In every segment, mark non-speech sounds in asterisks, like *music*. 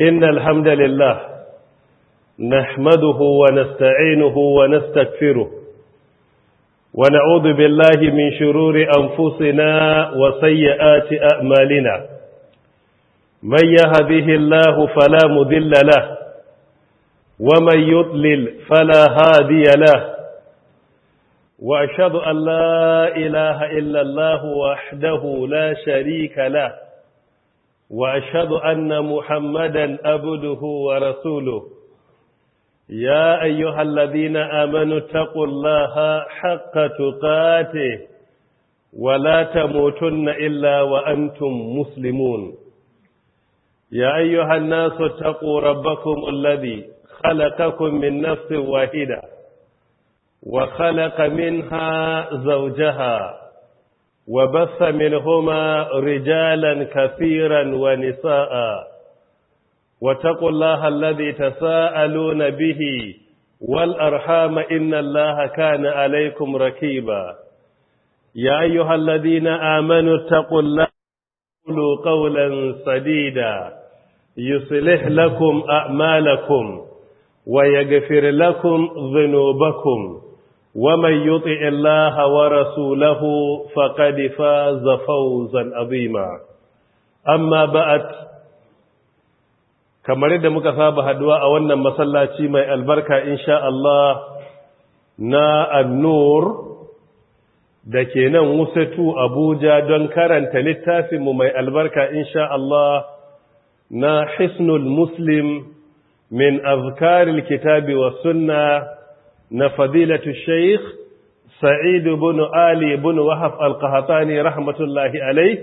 إن الحمد لله نحمده ونستعينه ونستكفره ونعوذ بالله من شرور أنفسنا وسيئات أعمالنا من يهده الله فلا مذل له ومن يضلل فلا هادي له وأشهد أن لا إله إلا الله وحده لا شريك له وأشهد أن محمدا أبده ورسوله يا أيها الذين آمنوا اتقوا الله حق تقاته ولا تموتن إلا وأنتم مسلمون يا أيها الناس اتقوا ربكم الذي خلقكم من نفس واحدة وخلق منها زوجها وبث منهما رجالا كثيرا ونساء واتقوا الله الذي تساءلون به والأرحام إن الله كان عليكم ركيبا يا أيها الذين آمنوا اتقوا الله قولوا قولا سديدا يصلح لكم أعمالكم ويغفر لكم ذنوبكم ومن يطع الله ورسوله فقد فاز فوزا عظيما أما بعد kamar yadda muka saba haduwa a wannan masallaci mai albarka insha Allah na annur da ke nan wusatu Abuja don karanta littafinmu mai albarka insha Allah na hisnul muslim min azkaril kitabi wa sunna na fadilatu shaykh Sa'idu ibn ali ibn wahab al-qahtani rahmatullahi alayh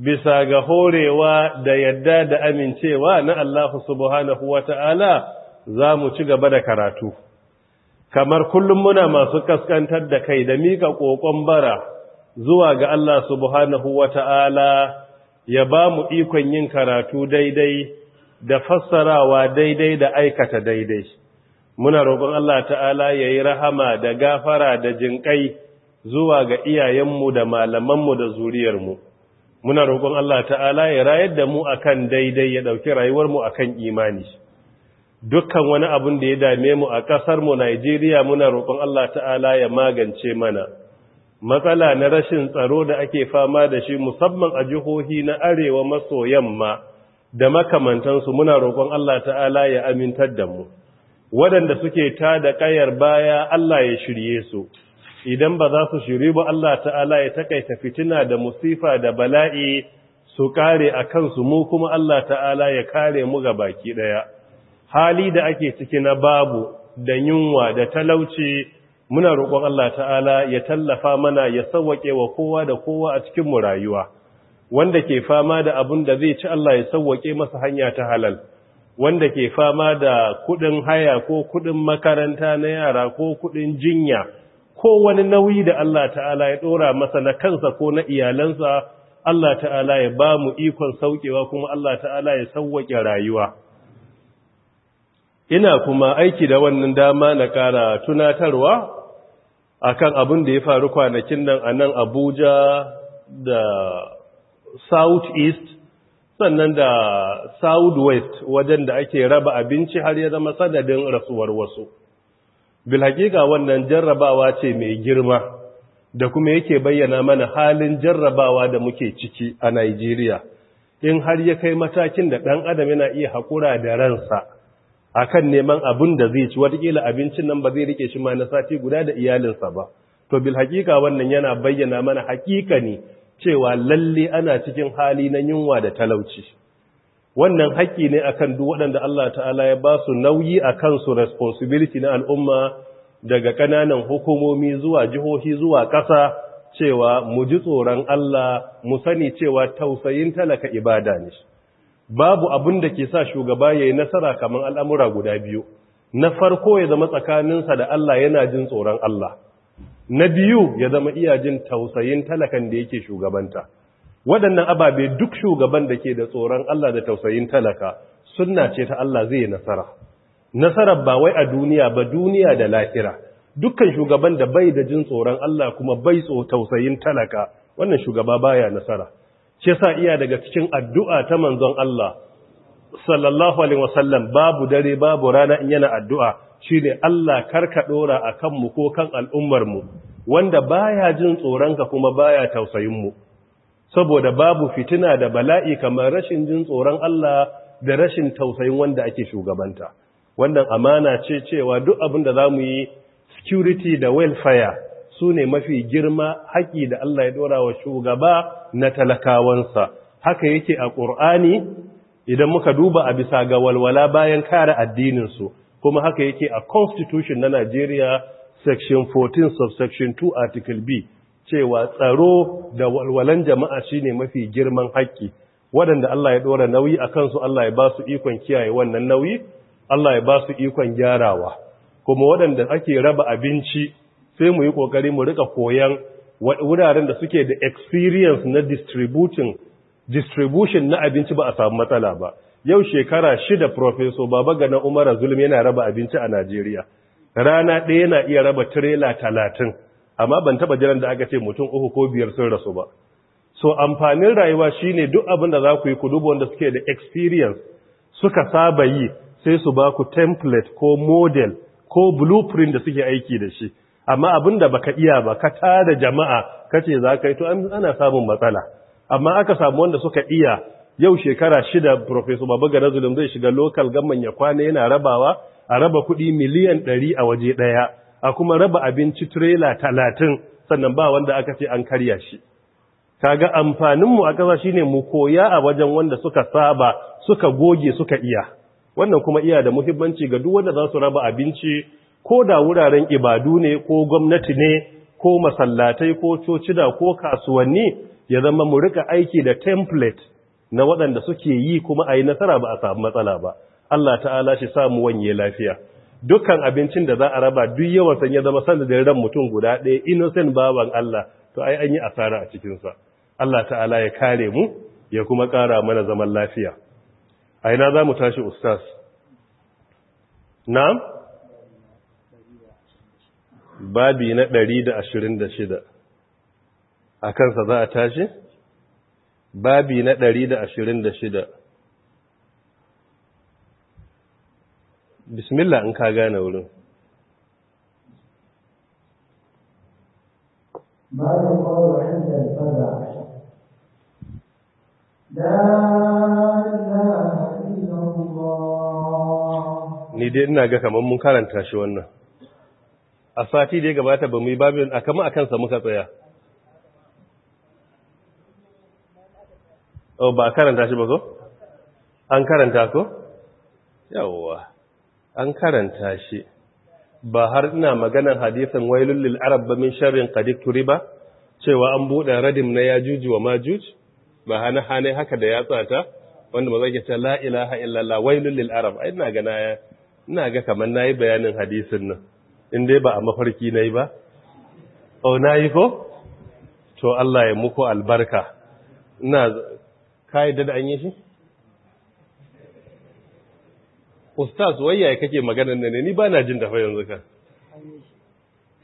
bisa ga horewa da yadda da amincewa na Allah subhanahu wata'ala za mu ci gaba da karatu kamar kullum muna masu kaskantar da kai da mika kokon bara zuwa ga Allah subhanahu wata'ala ya ba mu ikon yin karatu daidai da fassarawa daidai da aikata daidai muna roƙon Allah ta'ala ya yi rahama da gafara da jinƙai zuwa ga iyayenmu da malamanmu da zuriyarmu muna roƙon Allah ta'ala ya rayar da mu a kan daidai ya ɗauki rayuwar rayuwarmu kan imani dukkan wani abin da ya dame mu a ƙasar mu Najeriya muna roƙon Allah ta'ala ya magance mana matsala na rashin tsaro da ake fama da shi musamman a jihohi na arewa maso yamma da makamantansu muna roƙon Allah ta'ala ya amintar da mu waɗanda suke ta da ƙayar baya Allah ya shirye su idan ba za su shiri ba Allah ta'ala ya takaita fitina da musifa da bala'i su kare a kansu mu kuma Allah ta'ala ya kare mu ga baki ɗaya hali da ake ciki na babu da yunwa da talauci muna roƙon Allah ta'ala ya tallafa mana ya sawwaƙe wa kowa da kowa a cikin mu rayuwa wanda ke fama da abun da zai ci Allah ya sawwake masa hanya ta halal wanda ke fama da kudin haya ko kudin makaranta na yara ko kudin jinya ko wani nauyi da Allah ta'ala ya dora masa na kansa ko na iyalansa Allah ta'ala ya ba mu ikon saukewa kuma Allah ta'ala ya sauwake rayuwa ina kuma aiki da wannan dama na kara tunatarwa akan abin da ya faru kwanakin nan a nan Abuja da South East sannan da southwest wajen da ake raba abinci har ya zama sadadin rasuwar wasu bilhakika wannan jarrabawa ce mai girma da kuma yake bayyana mana halin jarrabawa da muke ciki a Najeriya in har ya kai matakin da ɗan adam yana iya haƙura da ransa a kan neman abin da zai ci watakila abincin nan ba zai rike shi ma na sati guda da iyalinsa ba to bilhakika wannan yana bayyana mana ne. cewa lalle ana cikin hali na yunwa da talauci wannan haƙƙi ne akan duk waɗanda Allah ta'ala ya ba su nauyi a kansu responsibility na al'umma daga ƙananan hukumomi zuwa jihohi zuwa ƙasa cewa mu ji tsoron Allah mu sani cewa tausayin talaka ibada ne babu abin da ke sa shugaba ya yi nasara kamar al'amura guda biyu na farko ya zama tsakaninsa da Allah yana jin tsoron Allah na biyu ya zama iya jin tausayin talakan da yake shugabanta waɗannan ababe duk shugaban da ke da tsoron Allah da tausayin talaka sunna ce ta Allah zai nasara nasarar ba wai a duniya ba duniya da lahira dukkan shugaban da bai da jin tsoron Allah kuma bai tso tausayin talaka wannan shugaba baya nasara ce sa iya daga cikin addu'a ta manzon Allah sallallahu alaihi wasallam babu dare babu rana in yana addu'a ne Allah karka ɗora a kanmu ko kan al'ummarmu mu wanda baya jin tsoronka kuma baya tausayin mu saboda babu fitina da bala'i kamar rashin jin tsoron Allah da rashin tausayin wanda ake shugabanta wannan amana ce cewa duk abin da za mu yi security da welfare su ne mafi girma haƙi da Allah ya ɗora wa shugaba na talakawansa haka yake a ƙur'ani idan muka duba a bisa ga walwala bayan kare addininsu kuma haka yake a constitution na Najeriya section 14 subsection 2 article B cewa tsaro da walwalan jama'a shine mafi girman haƙƙi waɗanda Allah ya ɗora nauyi a su Allah ya ba su ikon kiyaye wannan nauyi Allah ya ba su ikon gyarawa kuma waɗanda ake raba abinci sai mu yi ƙoƙari mu rika koyan wuraren da suke da experience na distribution na abinci ba a samu matsala ba yau shekara shida profeso baba gana umara zulmi yana raba abinci a najeriya rana ɗaya yana iya raba tirela talatin amma ban taba jiran da aka ce mutum uku ko biyar sun rasu ba so amfanin rayuwa shine duk abin da za ku yi ku duba wanda suke da experience suka saba yi sai su ba ku template ko model ko blueprint da suke aiki da shi amma abin da baka iya ba ka tada jama'a kace za ka yi to ana samun matsala amma aka samu wanda suka iya yau shekara shida Professor Babaga Razulun zai shiga local gamman ya kwana yana rabawa a raba kuɗi miliyan ɗari a waje ɗaya a kuma raba abinci tirela talatin sannan ba wanda aka ce an karya shi kaga amfaninmu a ƙasa shine mu koya a wajen wanda suka saba suka goge suka iya wannan kuma iya da muhimmanci ga duk wanda za su raba abinci ko da wuraren ibadu ne ko gwamnati ne ko masallatai ko coci da, ko kasuwanni ya zama mu rika aiki da template na waɗanda suke yi kuma a yi nasara ba a samu matsala ba Allah ta'ala shi samu wanye lafiya dukkan abincin da za a raba duk yawan san ya zama sanadin ran mutum guda ɗaya innocent baban Allah to ai an yi asara a cikinsa Allah ta'ala ya kare mu ya kuma ƙara mana zaman lafiya a ina za mu tashi ustaz na'am babi na shida. a kansa za a tashi babi na ɗari da ashirin da shida bismillah in ka gane wurin ni dai ina ga kamar mun karanta shi wannan a sati da ya gabata ba mu yi babin a kama a kansa muka tsaya oh ba karanta shi ba ko an karanta ko yawwa an karanta shi ba har ina maganar hadisin wailul lil ba min sharrin qad ba, cewa an buɗe radim na juji wa majuj ba hana hane haka da ya tsata, wanda ba ke ce la ilaha illallah wailul lil ai ina gana ya, ina ga kamar na yi bayanin hadisin nan in dai ba a mafarki yi ba oh yi ko to Allah ya muku albarka ina ka yadda da an yi shi ustaz ya kake maganar nan ni ba na jin dafa yanzu ka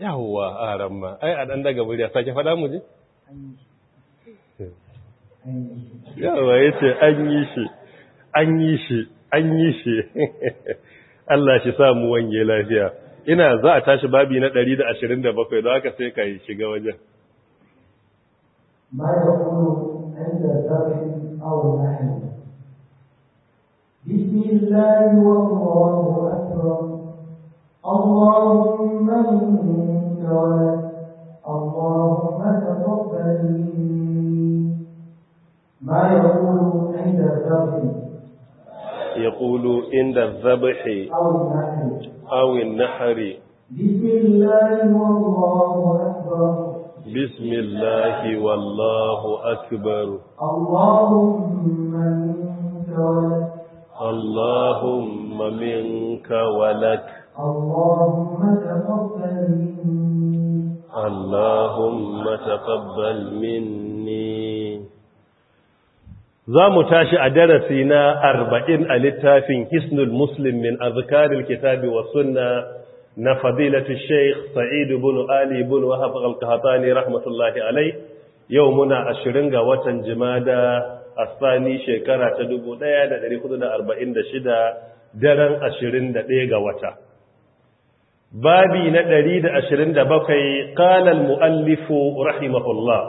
yawwa a ramma ai a dan daga buriya sake faɗa mu ji ya yace an yi shi an yi shi an yi shi *laughs* Allah shi sa mu wange lafiya ina za a tashi babi na 127 don haka sai ka shiga wajen ma yaqulu anta zalim أو نحن بسم الله والله أكبر اللهم منك ولك اللهم تقبل ما يقول عند الذبح يقول عند الذبح أو النحر أو النحر بسم الله والله أكبر بسم الله والله أكبر اللهم منك ولك اللهم منك ولك اللهم تقبل مني اللهم تقبل مني za mu tashi a darasi na arba'in a littafin hisnul muslim min azkaril kitabi wa sunna na fadilatu sheikh sa'id ibn ali ibn wahab al-qahtani rahmatullahi alayh yau muna 20 ga watan jumada asani shekara ta 1446 daren 21 ga wata babi na 127 qala al-muallif rahimahullah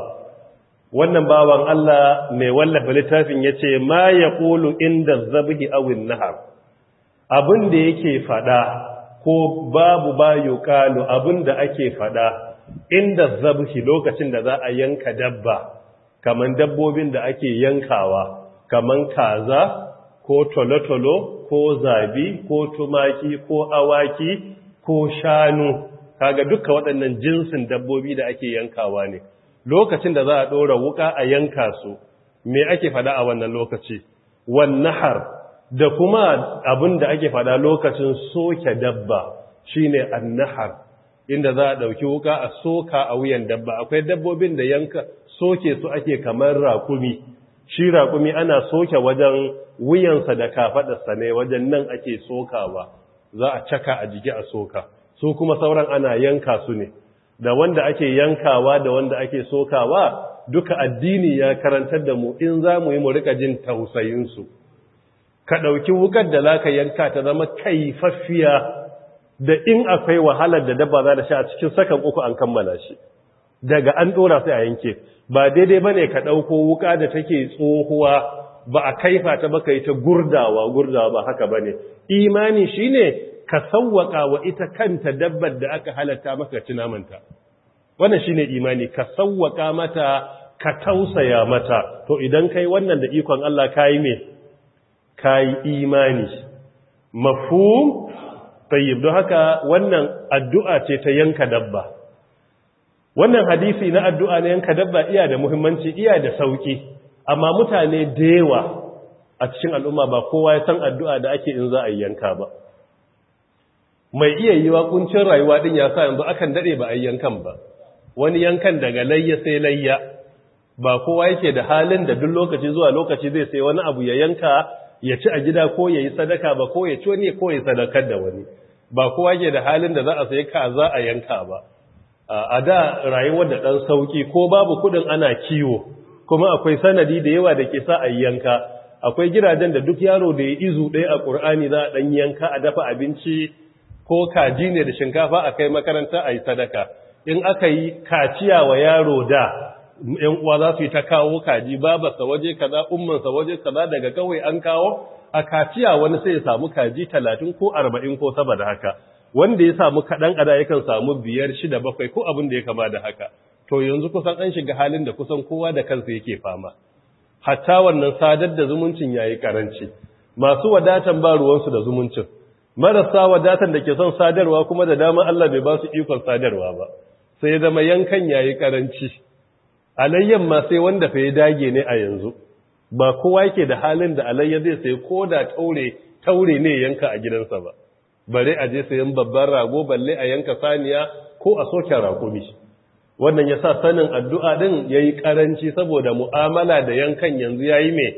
wannan bawan Allah mai wallafa littafin yace ma yaqulu inda zabhi aw an-nahar abin da yake fada ko babu ba abun da ake fada inda zabhi lokacin da za a yanka dabba kaman dabbobin da ake yankawa kaman kaza ko tolotolo ko zabi ko tumaki ko awaki ko shanu kaga duka waɗannan jinsin dabbobi da ake yankawa ne lokacin da za a ɗora wuka a yanka su me ake fada a wannan lokaci wannahar da kuma abin da ake fada lokacin soke dabba shine annahar inda za a dauki wuka a soka a wuyan dabba akwai dabbobin da yanka soke su ake kamar rakumi shi rakumi ana soke wajen wuyansa da kafadarsa ne wajen nan ake sokawa za a caka a jiki a soka su kuma sauran ana yanka su ne da wanda ake yankawa da wanda ake sokawa duka addini ya karantar da mu in za mu yi mu rika jin tausayinsu ka ɗauki wukar da za ka yanka ta zama kaifaffiya da in akwai wahalar da dabba za da sha a cikin sakan uku an kammala shi daga an ɗora sai a yanke ba daidai ba ne ka ɗauko wuka da take tsohuwa ba a kaifa ta baka yi ta gurdawa gurdawa ba haka ba ne imani shi ne ka sawwaka wa ita kanta dabbar da aka halatta maka ci namanta wannan shi ne imani ka sawwaƙa mata ka tausaya mata to idan kai wannan da ikon Allah ka yi mai ka yi imani mafu. tayyib don haka wannan addu'a ce ta yanka dabba wannan hadisi na addu'a na yanka dabba iya da muhimmanci iya da sauki amma mutane da yawa a cikin al'umma ba kowa ya san addu'a da ake in za a yanka ba mai iya yi wakuncin rayuwa ɗin ya sa yanzu akan daɗe ba a yankan ba wani yankan daga layya sai layya ba kowa yake da halin da duk lokaci zuwa lokaci zai sai wani abu ya yanka ya ci a gida ko ya yi sadaka ba ko ya ci wani ko ya sadakar da wani ba kowa ke da halin da za a ka za a yanka ba a da rayuwar da ɗan sauƙi ko babu kuɗin ana kiwo kuma akwai sanadi da yawa da ke sa a yanka akwai gidajen da duk yaro da ya izu ɗaya a ƙur'ani za a ɗan yanka a dafa abinci ko kaji ne da shinkafa a kai makaranta a yi sadaka in aka yi kaciya wa yaro da 'yan uwa za su yi ta kawo kaji babarsa waje kaza ummansa waje kaza daga kawai an kawo a kaciya wani sai ya samu kaji talatin ko arba'in ko saba da haka wanda ya samu kaɗan ada yakan samu biyar shida bakwai ko abin da ya kama da haka to yanzu kusan an shiga halin da kusan kowa da kansa yake fama hatta wannan sadar da zumuncin ya yi karanci masu wadatan ba ruwansu da zumuncin marasa wadatan da ke son sadarwa kuma da dama Allah bai ba su ikon sadarwa ba sai zama yankan ya yi karanci alayyan ma sai wanda fa ya dage ne a yanzu ba kowa yake da halin da alayya zai sai ko da taure taure ne yanka a gidansa ba bare a je sayan babban rago balle a yanka saniya ko a soke rakumi wannan yasa sanin addu'a din yayi yi saboda mu'amala da yankan yanzu ya yi mai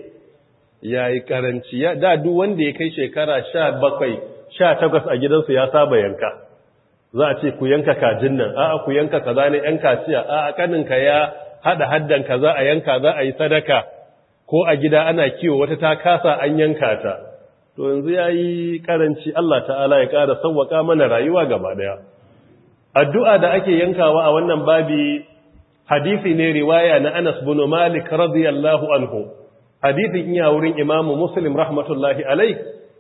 ya yi ƙaranci da duk wanda ya kai shekara sha bakwai sha takwas a gidansu ya saba yanka za a ce ku yanka kajin nan A'a ku yanka kaza ne ‘yan kaciya a ka ya Haɗa haddan za a yanka za a yi sadaka ko a gida ana kiwo wata ta kasa an yanka ta to yanzu ya yi karanci Allah ta'ala ya ƙara sauwaka mana rayuwa gaba ɗaya. addu'a da ake yankawa a wannan babi hadisi ne riwaya na Anas bin Malik radiyallahu anhu hadisin iya wurin Imam Muslim rahmatullahi alai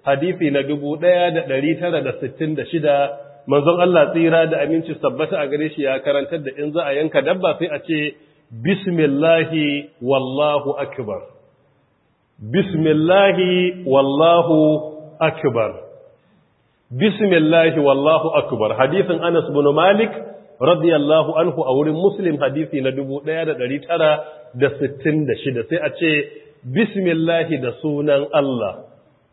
hadisi na 1966 manzon Allah tsira da aminci sabbata a gare shi ya karantar da in za a yanka dabba sai a ce bismillahi wallahu akbar bismillahi wallahu akbar bismillahi wallahu akbar hadisin Anas bin Malik radiyallahu anhu a wurin Muslim hadisi na 1966 sai a ce bismillahi da sunan Allah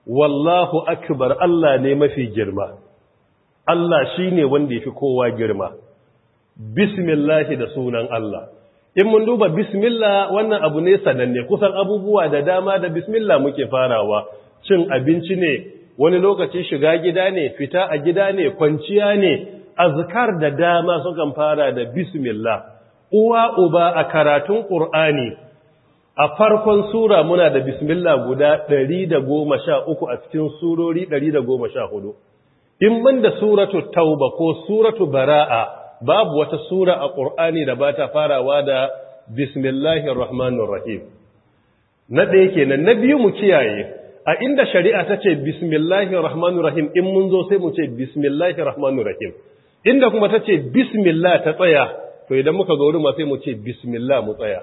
wallahu akbar Allah ne mafi girma Allah shine wanda yafi kowa girma bismillahi da sunan Allah in mun duba bismillah wannan abu ne sananne kusan abubuwa da dama da bismillah muke farawa cin abinci ne wani lokaci shiga gida ne fita a gida ne kwanciya ne azkar da dama sukan fara da bismillah uwa uba a karatun qur'ani a farkon sura muna da bismillah guda 113 a cikin surori 114 in mun da suratu tauba ko suratu bara'a babu wata sura a ƙur'ani da ba ta farawa da bismillahir rahmanir rahim na ɗaya kenan na biyu mu kiyaye a inda shari'a ta ce bismillahir rahmanir rahim in mun zo sai mu ce bismillahir rahmanir rahim inda kuma ta ce bismillah ta tsaya to idan muka zo ruma sai mu ce bismillah mu tsaya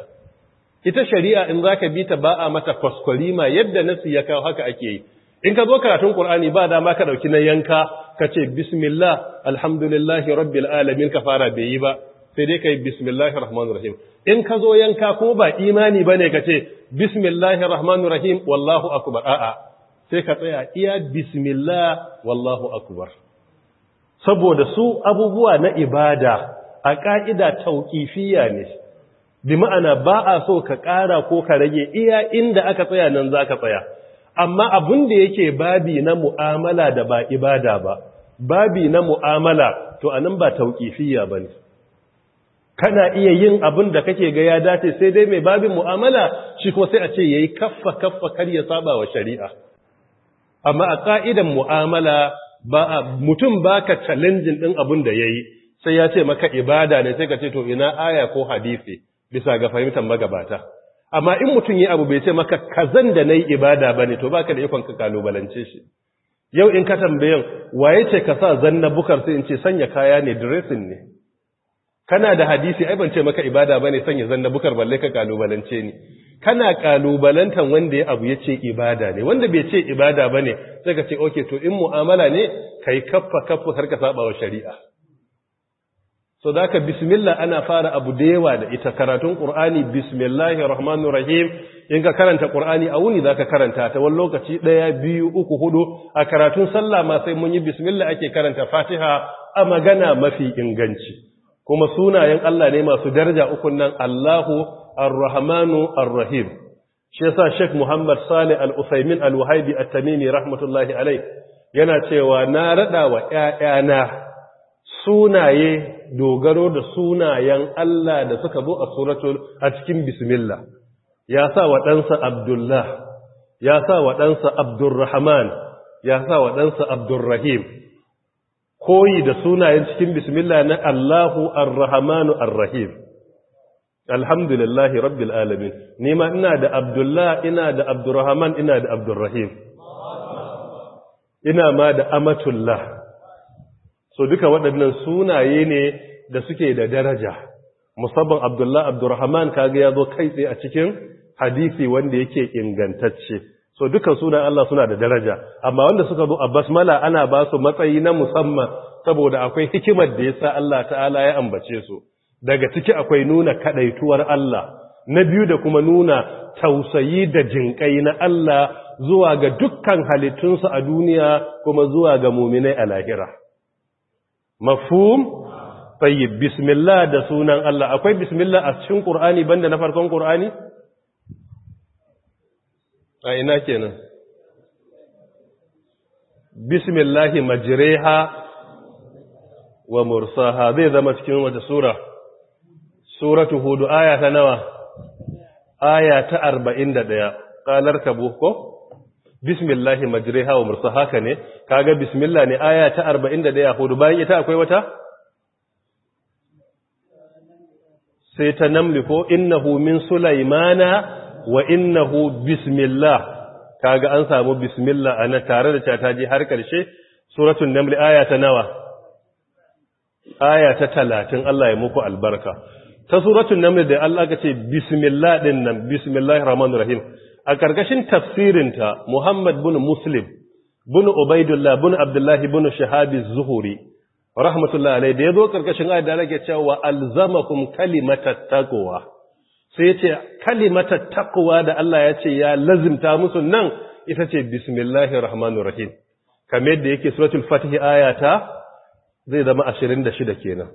ita shari'a in zaka bi ta ba a mata kwaskwarima yadda nasu ya kawo haka ake yi in ka zo karatun Qur'ani ba dama ka dauki na yanka ka ce bismillah alhamdulillahi rabbil alamin ka fara bai yi ba sai dai yi, "Bismillahi rahmanir rahim in ka zo yanka ko ba imani ne ka ce "Bismillahi rahmanir rahim wallahu akubar a'a sai ka tsaya iya bismillah wallahu akbar saboda su abubuwa na ibada a ka'ida tauqifiyya ne bi ma'ana ba a so ka ƙara ko ka rage iya inda aka tsaya nan zaka tsaya amma abun da yake babi na mu'amala da ba ibada ba babi na mu'amala to anan ba tauqifiyya bane kana iya yin abun da kake ga ya dace sai dai mai babin mu'amala shi kuma sai a ce yayi kaffa kaffa kar ya saba wa shari'a amma a ka'idan mu'amala ba mutum baka challenging din abun da yayi sai ya ce maka ibada ne sai ka ce to ina aya ko hadisi bisa ga fahimtar magabata amma in mutum yi abu bai ce maka kazan da na yi ibada ba ne to ba ka da ikon ka kalubalance shi yau in ka tambayin waye ce ka sa zanna bukar sai in ce sanya kaya ne diresin ne kana da hadisi ai ban ce maka ibada ba ne sanya zanna bukar balle ka kalubalance ne. kana kalubalantan wanda ya abu ya ce ibada ne wanda bai ce ibada ba ne sai ka ce ok to in mu'amala ne ka yi kaffa kaffa har ka saba wa shari'a so da ka bismillah ana fara abu da yawa da ita karatun ƙur'ani bismillahir rahmanu rahim in ka karanta ƙur'ani a wuni za ka karanta ta wani lokaci ɗaya biyu uku hudu a karatun sallah ma sai mun yi bismillah ake karanta fatiha a magana mafi inganci kuma sunayen Allah ne masu daraja ukun nan Allahu arrahmanu arrahim shi yasa Sheikh Muhammad Salih al usaimin al wahabi At-Tamimi rahmatullahi alai yana cewa na rada wa ƴaƴana sunaye dogaro da sunayen Allah da suka zo a suratul a cikin bismillah ya sa wa ɗansa abdullah ya sa wa ɗansa abdurrahman ya sa wa ɗansa abdurrahim koyi da sunayen cikin bismillah na Allahu arrahmanu arrahim alhamdulillahi rabbil alamin nima ina da abdullah ina da abdurrahman ina da abdurrahim ina ma da amatullah so duka waɗannan sunaye ne da suke da daraja musabban abdullahi abdurrahman kaga ya zo kai tsaye a cikin hadisi wanda yake ingantacce so duka sunan Allah suna da daraja amma wanda suka zo a basmala ana ba su matsayi na musamman saboda akwai hikimar da yasa Allah ta'ala ya ambace su daga ciki akwai nuna kadaituwar Allah na biyu da kuma nuna tausayi da jinƙai na Allah zuwa ga dukkan halittunsa a duniya kuma zuwa ga muminai a lahira mafhum tayyib bismillah da sunan Allah akwai bismillah a cikin Qur'ani banda na farkon Qur'ani a ina kenan bismillah majriha wa mursaha zai zama cikin wata sura suratu hud aya ta nawa aya ta 41 qalar tabu ko bismillah majriha wa mursaha haka ne kaga bismillah ne aya ta 41 hudu bayan ita akwai wata sai ta namli ko innahu min sulaimana wa innahu bismillah kaga an samu bismillah ana tare da ta taji har karshe suratul naml aya ta nawa aya ta 30 Allah ya muku albarka ta suratul naml da Allah ka ce bismillah din nan bismillahir rahmanir rahim a karkashin tafsirinta Muhammad bin Muslim bin ubaidullah bin abdullahi bin shahabi zuhuri rahmatullahi alaihi da yazo karkashin ayat da yake cewa alzamakum kalimatat taqwa sai yace kalimatat taqwa da Allah ya ce ya lazimta musu nan ita ce bismillahir rahmanir rahim kamar yadda yake suratul fatih ayata zai zama 26 kenan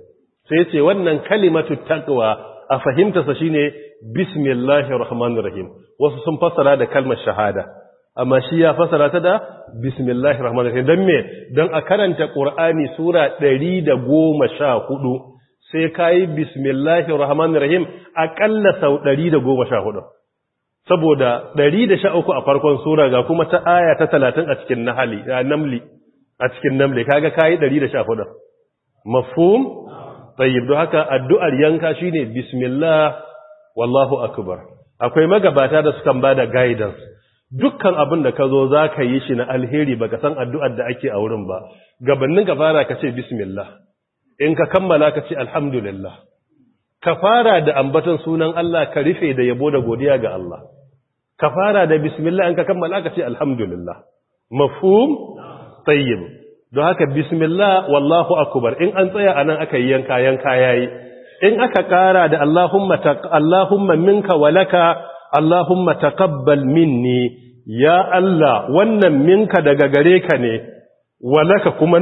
sai yace wannan kalimatut taqwa a fahimtarsa shine bismillahir rahmanir rahim wasu sun fassara da kalmar shahada amma shi ya fasara ta da bismillahir rahmanir rahim dan me dan a karanta qur'ani sura 114 sai kai bismillahir rahmanir rahim akalla sau 114 saboda 113 a farkon sura ga kuma ta aya ta 30 a cikin nahali namli a cikin namli kaga kai 114 mafhum tayyib don haka addu'ar yanka shine bismillah wallahu akbar akwai magabata da sukan bada guidance dukkan abin da ka zo za ka yi shi na alheri ba ka san addu'ar da ake a wurin ba gabanin ka fara ka ce bismillah in ka kammala ka ce alhamdulillah ka fara da ambatan sunan Allah ka rufe da yabo da godiya ga Allah ka fara da bismillah in ka kammala ka ce alhamdulillah mafhum tsayyib don haka bismillah wallahu akubar. in an tsaya anan aka yi yanka yanka yayi in aka ƙara da allahumma allahumma minka walaka Allahumma taqabbal minni ya Allah wannan minka daga gare ka ne walaka kuma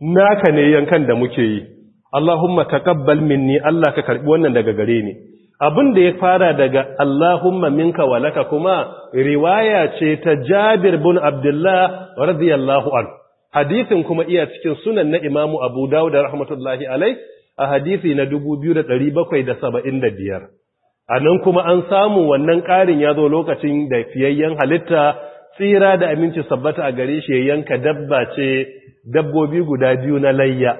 naka ne yankan da muke yi Allahumma taqabbal minni Allah ka karbi wannan daga gare ni abin da ya fara daga Allahumma minka walaka kuma riwaya ce ta Jabir bin Abdullah radiyallahu anhu hadisin kuma iya cikin sunan na Imam abu dawud rahmatullahi alai a hadisi na 2775 a nan kuma an samu wannan ƙarin ya zo lokacin da fiyayyen halitta tsira da aminci sabbata a gare shi ya yanka dabba ce dabbobi guda biyu na layya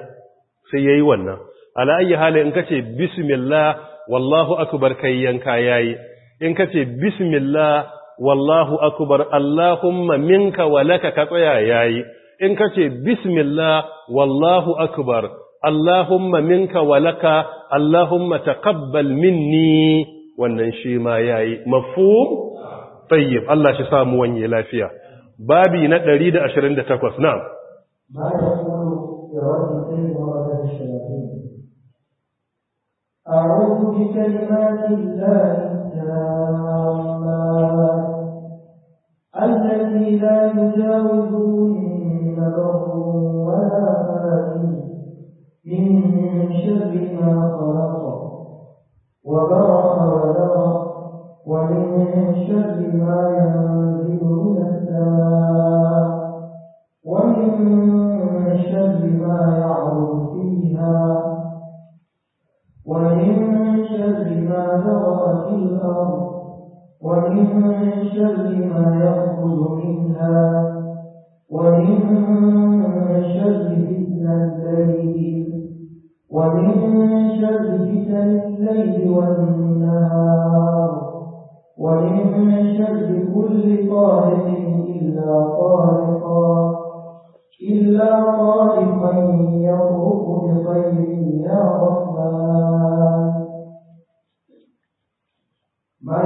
sai ya yi wannan ala ayi hali in kace bismillah wallahu akubar kai yanka ya yi, in kace bismillah wallahu akubar allahumma minka walaka ka tsaya yi, in kace bismillah wallahu akubar. اللهم منك ولك اللهم تقبل مني wannan shi ma yayi mafhum tayyib Allah shi samu wani lafiya babi na 128 na'am أعوذ من شر ما خلق وبرح ودرق ومن شر ما ينزل من السماء ومن شر ما يعرض فيها ومن شر ما ذرأ في الأرض ومن شر ما يخرج منها ومن شر الليل ومن شر والنهار ومن شر كل طارق إلا طارقا إلا طارقا يطرق بخير يا رحمن ما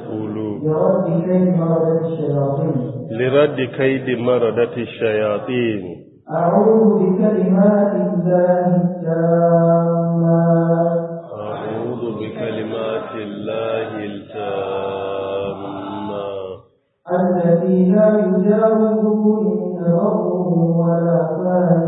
يقول يرد كيف ردت الشياطين لرد كيد مردة الشياطين أعوذ بكلمات الله التامة أعوذ بكلمات الله التامة التي لا يجاوزه إن ربه ولا فاهم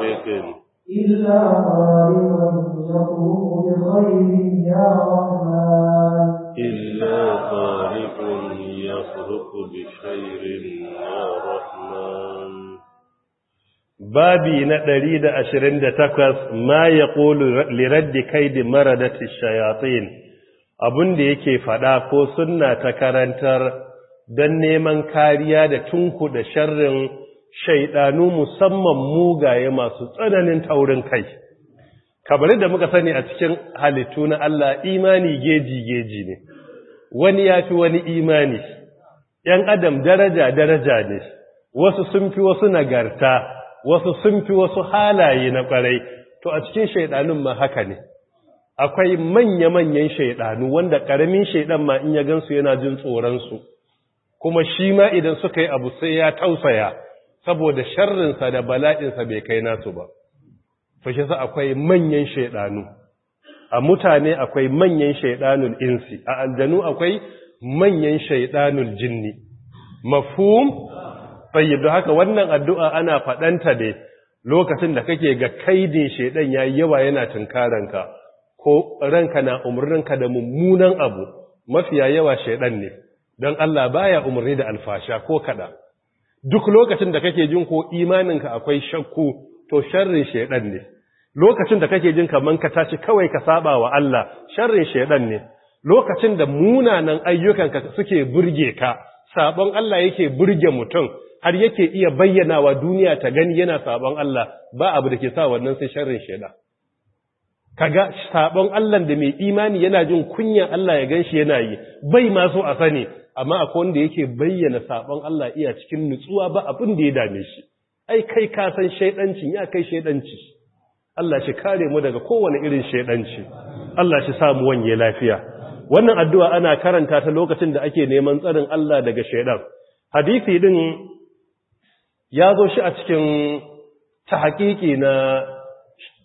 ميتين إلا قالبا يقوم بخير بخير يا رحمن babi na ɗari da da takwas ma ya ƙolu liraddi kai da yake faɗa ko sunna ta karantar don neman kariya da tunku da sharrin shaidanu musamman mugaye masu tsananin taurin kai kamar da muka sani a cikin halittu na Allah imani geji-geji ne wani ya fi wani imani ‘yan adam daraja-daraja ne wasu sun fi wasu nagarta wasu sun fi wasu halaye na ƙwarai to a cikin shaidanun ma haka ne akwai manya-manyan shaidanu wanda ƙaramin shaidan ma in ya gansu yana jin tsoronsu kuma shi ma idan suka yi abu sai ya tausaya saboda sharrinsa da bala'insa bai kai nasu ba fashe sa akwai manyan shaidanu a mutane akwai manyan shaiɗanun insi a aljanu akwai manyan shaiɗanun jinni Mafu, tayyib haka wannan addu'a ana faɗanta ne lokacin da kake ga kaidin shaidan yayi yawa yana tunkaranka ko ranka na umarninka da mummunan abu mafiya yawa shaidan ne don Allah baya umarni da alfasha ko kada duk lokacin da kake jin ko imaninka akwai shakku to sharrin shedan ne lokacin da kake jin kaman ka tashi kawai ka saba wa Allah sharrin shedan ne lokacin da munanan ayyukanka suke burge ka sabon Allah yake burge mutum har yake iya bayyana wa duniya ta gani yana sabon Allah ba abu da ke sa wannan sai sharrin shedan kaga sabon Allah da mai imani yana jin kunyan Allah ya ganshi yana yi bai ma so a sani amma akwai wanda yake bayyana sabon Allah iya cikin nutsuwa ba abin da ya dame shi ai kai ka san shaydancin ya kai shaidanci Allah shi kare mu daga kowane irin shaidanci Allah shi samu wanye lafiya wannan addu'a ana karanta ta lokacin da ake neman tsarin Allah daga shaidan hadisi din ya zo shi a cikin ta tahqiqi na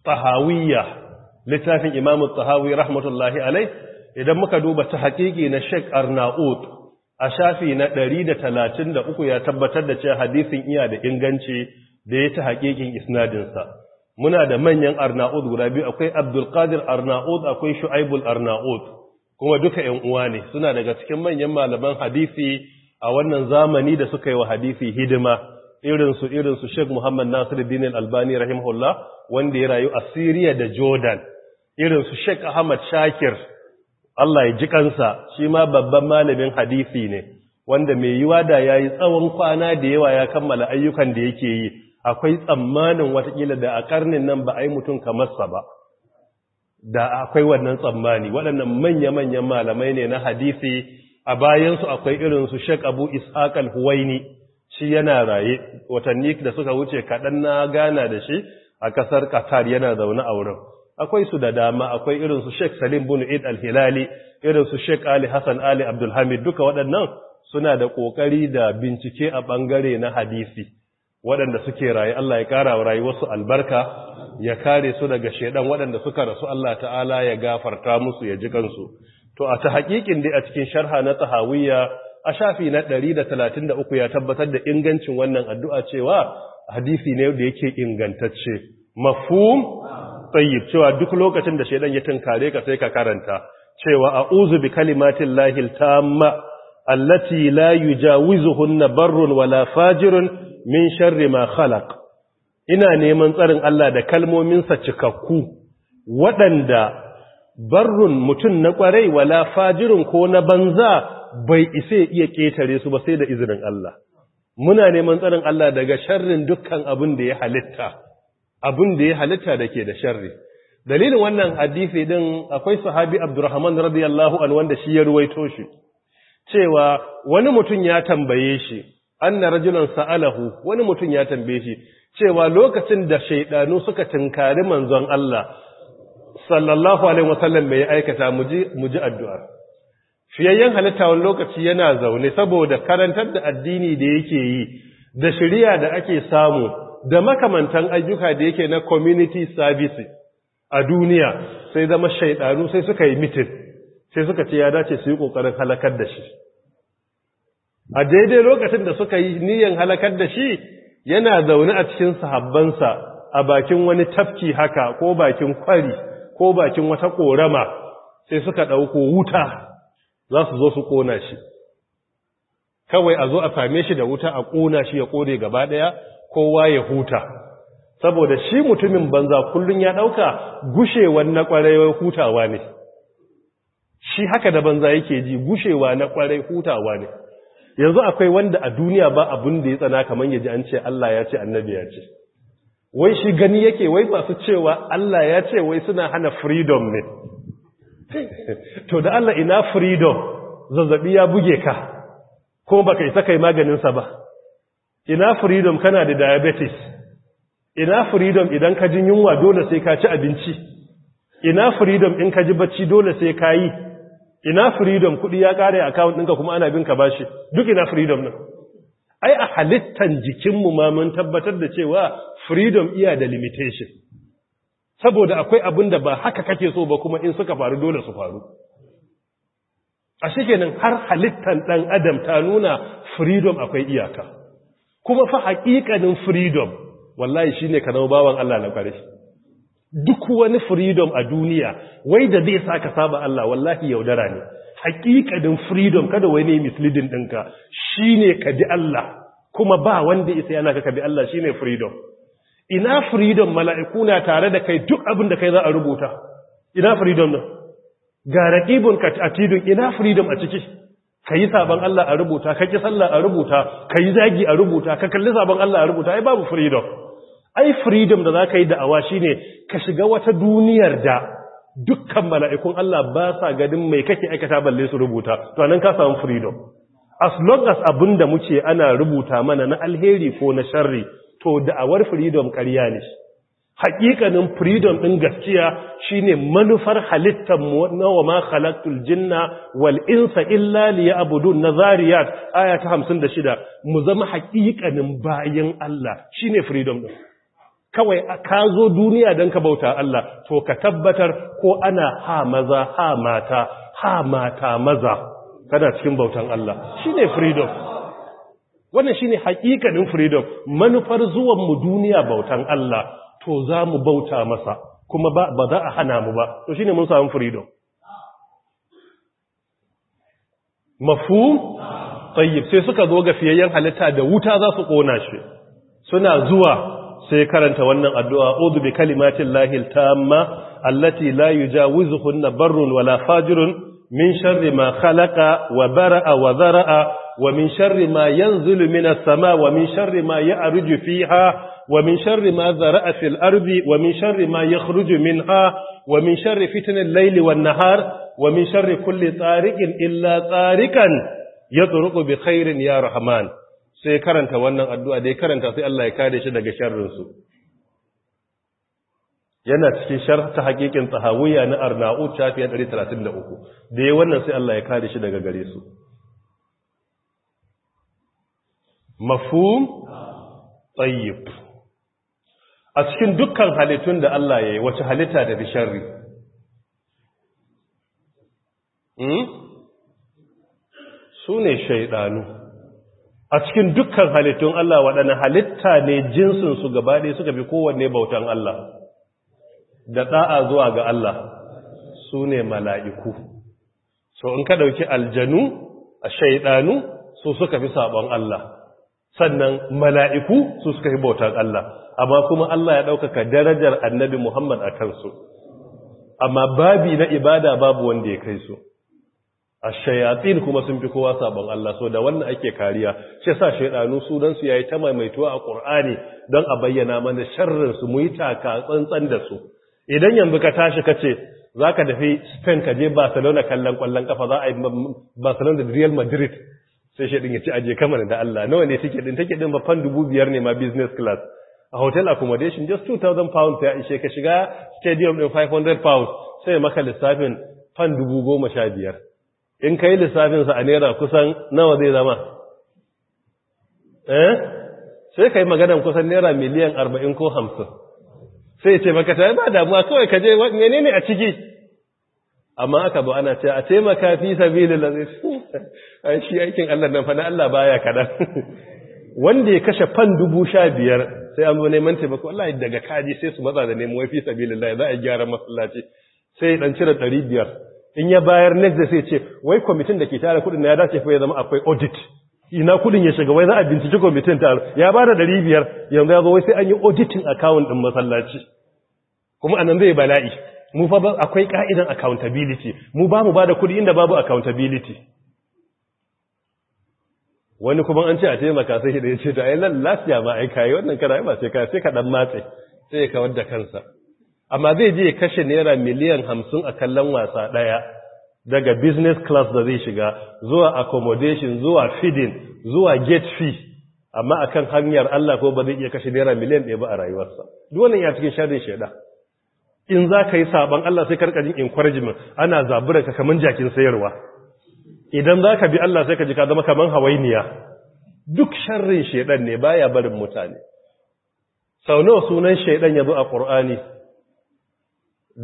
tahawiyya littafin imamu tsahawi rahmatullahi alai idan muka duba ta haƙiƙi na sheik arnaut a shafi na ɗari da da talatin uku ya tabbatar da cewa hadisin iya da inganci da ya ta haƙiƙin isnadinsa muna da manyan arnaut guda biyu akwai abdulkadir arnaut akwai shu'aibul arnaut kuma duka ‘yan uwa ne suna daga cikin manyan malaman hadisi a wannan zamani da suka yi wa hadisi hidima irinsu irinsu sheik muhammad nasiru dinin albani rahimahullah wanda ya rayu a siriya da jordan irin su Sheikh Ahmad Shakir Allah ya ji kansa shi ma babban malamin hadisi ne wanda mai yiwa da yayi tsawon kwana da yawa ya kammala ayyukan da yake yi akwai tsammanin watakila da a karnin nan ba a yi mutum kamar sa ba da akwai wannan tsammani waɗannan manya-manyan malamai ne na hadisi a bayansu akwai irin su Sheikh Abu Ishaq al-Huwaini shi yana raye watanni da suka wuce kaɗan na gana da shi a ƙasar Qatar yana zaune a wurin akwai su da dama akwai irin su Sheikh Salim bin Eid al-Hilali irin su Sheikh Ali Hassan Ali Abdul Hamid duka waɗannan suna da kokari da bincike a bangare na hadisi waɗanda suke rayi Allah ya kara wa rayuwarsu albarka ya kare su daga shedan waɗanda suka rasu Allah ta'ala ya gafarta musu ya ji kansu to a ta hakikin dai a cikin sharha na tahawiyya a shafi na 133 ya tabbatar da ingancin wannan addu'a cewa hadisi ne da yake ingantacce mafhum tayyib cewa duk lokacin da shaidan ya tunkare ka sai ka karanta cewa a'udhu bi kalimatin lahil tamma allati la yujawizuhunna barrun wala fajirun min sharri ma khalaq ina neman tsarin Allah da kalmomin sa cikakku waɗanda barrun mutum na ƙwarai wala fajirun ko na banza bai ise iya ketare su ba sai da izinin Allah muna neman tsarin Allah daga sharrin dukkan abin da ya halitta abin da ya halitta da ke da sharri dalilin wannan hadisi din akwai sahabi Abdurrahman radiyallahu an wanda shi ya ruwaito shi cewa wani mutum ya tambaye shi anna rajulan sa'alahu wani mutum ya tambaye shi cewa lokacin da shaidanu suka tinkari manzon Allah sallallahu alaihi wasallam bai aikata muji ji addu'a fiyayyen halitta wani lokaci yana zaune saboda karantar da addini da yake yi da shari'a da ake samu da makamantan ayyuka da yake na community services a duniya sai zama shaidanu sai suka yi mitin sai suka ce ya dace su yi kokarin halakar da shi a daidai lokacin da suka yi niyan halakar da shi yana zaune a cikin sahabbansa a bakin wani tafki haka ko bakin kwari ko bakin wata korama sai suka dauko wuta za su zo su kona shi kawai a zo a same shi da wuta a kona shi ya kone gaba daya kowa ya huta saboda shi mutumin banza kullun ya dauka gushewa na kwarewa hutawa ne shi haka da banza yake ji gushewa na kwarai hutawa ne yanzu akwai wanda a duniya ba abun da ya tsana kamar yaji an ce Allah ya ce annabi ya ce wai shi gani yake wai masu cewa Allah ya ce wai suna hana freedom ne *laughs* to da Allah ina freedom zazzabi ya buge ka ko baka isa kai maganinsa ba ina freedom kana da diabetes ina freedom idan ka jin yunwa dole sai ka ci abinci ina freedom in ka ji bacci dole sai ka yi ina freedom kudi ya kare account ɗinka kuma ana bin ka bashi duk ina freedom nan ai a halittan jikinmu ma mun tabbatar da cewa freedom iya da limitation saboda akwai abin da ba haka kake so ba kuma in suka faru dole su faru a shikenan har halittan ɗan adam ta nuna freedom akwai iyaka kuma fa haƙiƙanin freedom wallahi ne ka zama bawan Allah na kwarai duk wani freedom a duniya wai da zai sa ka saba Allah wallahi yaudara ne haƙiƙanin freedom kada wai ne misleading ɗinka ne ka bi Allah kuma ba wanda isa yana ka bi Allah shi ne freedom ina freedom mala'iku na tare da kai duk abin da kai za a rubuta ina freedom nan ga raqibun ka ina freedom a ciki ka yi sabon Allah a rubuta ka ki sallah a rubuta ka yi zagi a rubuta ka kalli sabon Allah a rubuta ai babu freedom ai freedom da za ka yi da'awa shine ka shiga wata duniyar da dukkan mala'ikun Allah ba sa gadin mai kake aikata balle su rubuta to nan ka samu freedom as long as abinda muke ana rubuta mana na alheri ko na sharri to da'awar freedom ƙarya ne shi haƙiƙanin freedom ɗin gaskiya shine manufar halittar na wa ma khalaqtul jinna wal insa illa liya'budun nazariyat aya ta 56 mu zama haƙiƙanin bayin Allah shine freedom ɗin kawai ka zo duniya dan ka bauta Allah to ka tabbatar ko ana ha maza ha mata ha mata maza kana cikin bautan Allah shine freedom wannan shine hakikanin freedom manufar zuwan mu duniya bautan Allah to za mu bauta masa kuma ba za a hana mu ba to shine mun samu freedom mafhum tayyib sai suka zo ga fiyayyen halitta da wuta za su ƙona shi suna zuwa sai karanta wannan addu'a ozu bi kalimatin lahil tamma allati la yujawizuhunna barrun wala fajirun min sharri ma khalaqa wa bara'a wa zara'a wa min sharri ma yanzulu minas sama wa min sharri ma ya'ruju fiha ومن شر ما ذرأ في الأرض ومن شر ما يخرج منها ومن شر فتن الليل والنهار ومن شر كل طارق إلا طارقا يطرق بخير يا رحمن sai karanta wannan addu'a dai karanta sai Allah ya kare shi daga sharrinsu yana cikin sharta hakikin tsahawiyya na arna'u shafiya 133 da ya wannan sai Allah ya kare shi daga gare su mafhum tayyib a cikin dukkan halittun da Allah ya yi wace halitta da fi sharri hmm? su ne shaidanu a cikin dukkan halittun Allah waɗanne halitta ne jinsinsu gabaɗe suka fi kowanne bautan Allah da ɗa'a zuwa ga Allah su ne mala'iku so in ka ɗauki aljanu a shaidanu su suka fi saɓon Allah sannan mala'iku su suka fi bautan Allah amma kuma Allah ya ɗaukaka darajar annabi Muhammad a kansu amma babi na ibada babu wanda ya kai su a shayatsin kuma sun fi kowa sabon Allah so da wannan ake kariya shi sa shaidanu sunansu ya yi ta maimaituwa a ƙur'ani don a bayyana mana sharrinsu mu yi taka tsantsan da su idan yanzu ka tashi ka ce za ka tafi spain ka je barcelona kallon kwallon kafa za a yi barcelona da real madrid sai shaidin ya ci aje kamar da Allah nawa ne take din take ɗin ba fan dubu biyar ne ma business class a hotel accommodation just 2000 pounds ya ishe ka shiga stadium din 500 pounds sai maka lissafin fan biyar. in ka yi lissafinsa a naira kusan nawa zai zama eh sai yi maganan kusan naira miliyan 40 ko 50 sai ce maka ta yi ba damuwa kawai ka je ne a ciki amma aka bu ana ce a taimaka fi sabilin lazis *laughs* ai shi aikin Allah nan fana Allah baya kaɗan. *laughs* wanda ya kashe fan 15000 sai an zo neman taimako wallahi daga kaji sai su matsa da nemo wafi sabilillah za a gyara masallaci sai dan cire biyar in ya bayar next da sai ce wai kwamitin da ke tara kudin na ya dace fa ya zama akwai audit ina kudin ya shiga wai za a binciki kwamitin ta ya ba da biyar yanzu ya zo wai sai an yi auditing account din masallaci kuma anan zai bala'i mu fa akwai ka'idan accountability mu ba mu ba da kudi inda babu accountability wani kuma an ce a taimaka sai da ya ce ta ainihin lafiya ma wannan a ba sai ka sai ka dan matse sai ya kawar da kansa amma zai je ya kashe naira miliyan hamsin a kallon wasa ɗaya daga business class da zai shiga zuwa accommodation zuwa feeding zuwa gate fee amma a kan hanyar Allah ko ba zai iya kashe naira miliyan ɗaya ba a rayuwarsa duk wannan ya cikin sharrin shaɗa. in za ka yi saɓon Allah sai karkajin encouragement ana zabura kamar kaman jakin sayarwa idan za ka bi Allah sai ka ji ka zama kamar hawainiya duk sharrin shaidan ne baya barin mutane sau nawa sunan shaidan ya zo a ƙur'ani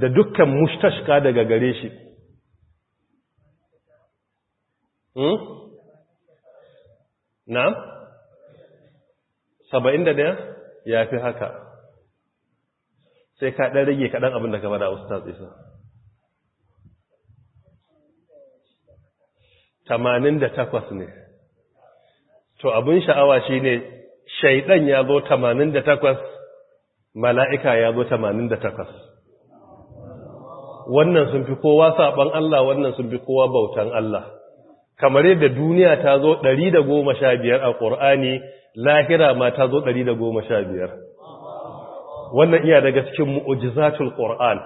da dukkan mustashka daga gare shi hmm? na? saba'in da daya ya fi haka sai ka ɗan rage kaɗan abin da ka bada ustaz isa takwas ne to abin sha'awa shi ne shaiɗan ya zo takwas, mala'ika ya zo takwas. wannan sun fi kowa saɓon Allah wannan sun fi kowa bautan Allah kamar yadda duniya ta zo biyar a ƙur'ani lahira ma ta zo biyar. wannan iya daga cikin mu'ujizatul ƙur'an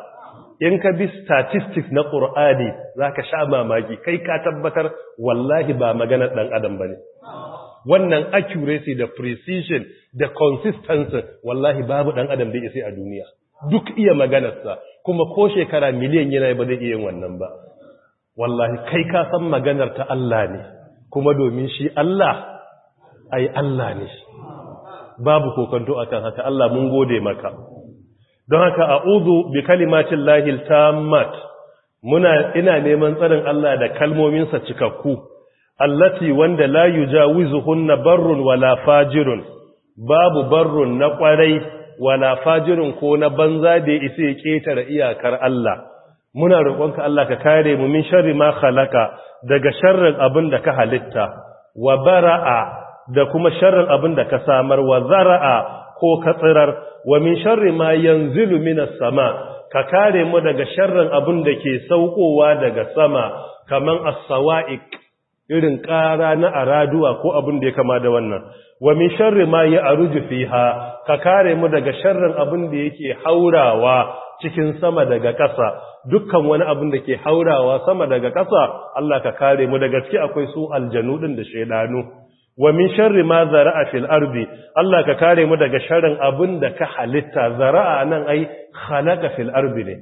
in ka bi statistics na ƙur'ani za ka sha mamaki kai ka tabbatar wallahi ba maganar ɗan adam ba ne wannan accuracy da precision da consistency wallahi babu ɗan adam da ya a duniya duk iya maganarsa kuma ko shekara miliyan yana ba zai iya wannan ba wallahi kai ka san maganar ta Allah ne kuma domin shi Allah ai Allah ne babu kokanto akan haka Allah mun gode maka don haka a'udhu bi kalimatin lahil Mat muna ina neman tsarin Allah da kalmominsa cikakku allati wanda la na barrun wala fajirun babu barrun na kwarai wala fajirun ko na banza da isa ya ketare iyakar Allah muna roƙonka Allah ka kare mu min sharri ma khalaqa daga sharrin abin da ka halitta wa bara'a da kuma sharrin abin da ka samar wa zara'a ko katsirar tsirar wa min sharri ma yanzilu minas sama ka kare mu daga sharrin abin da ke saukowa daga sama kaman as-sawa'iq irin ƙara na araduwa ko abin da ya kama da wannan wa min sharri ma ya'ruju fiha ka kare mu daga sharrin abin da yake haurawa cikin sama daga ƙasa dukkan wani abin da ke haurawa sama daga ƙasa Allah ka kare mu daga gaske akwai su aljanu ɗin da shedanu wa min sharri ma zara'a fil ardi Allah ka kare mu daga sharrin abinda ka halitta zara'a nan ai khalaqa fil ardi ne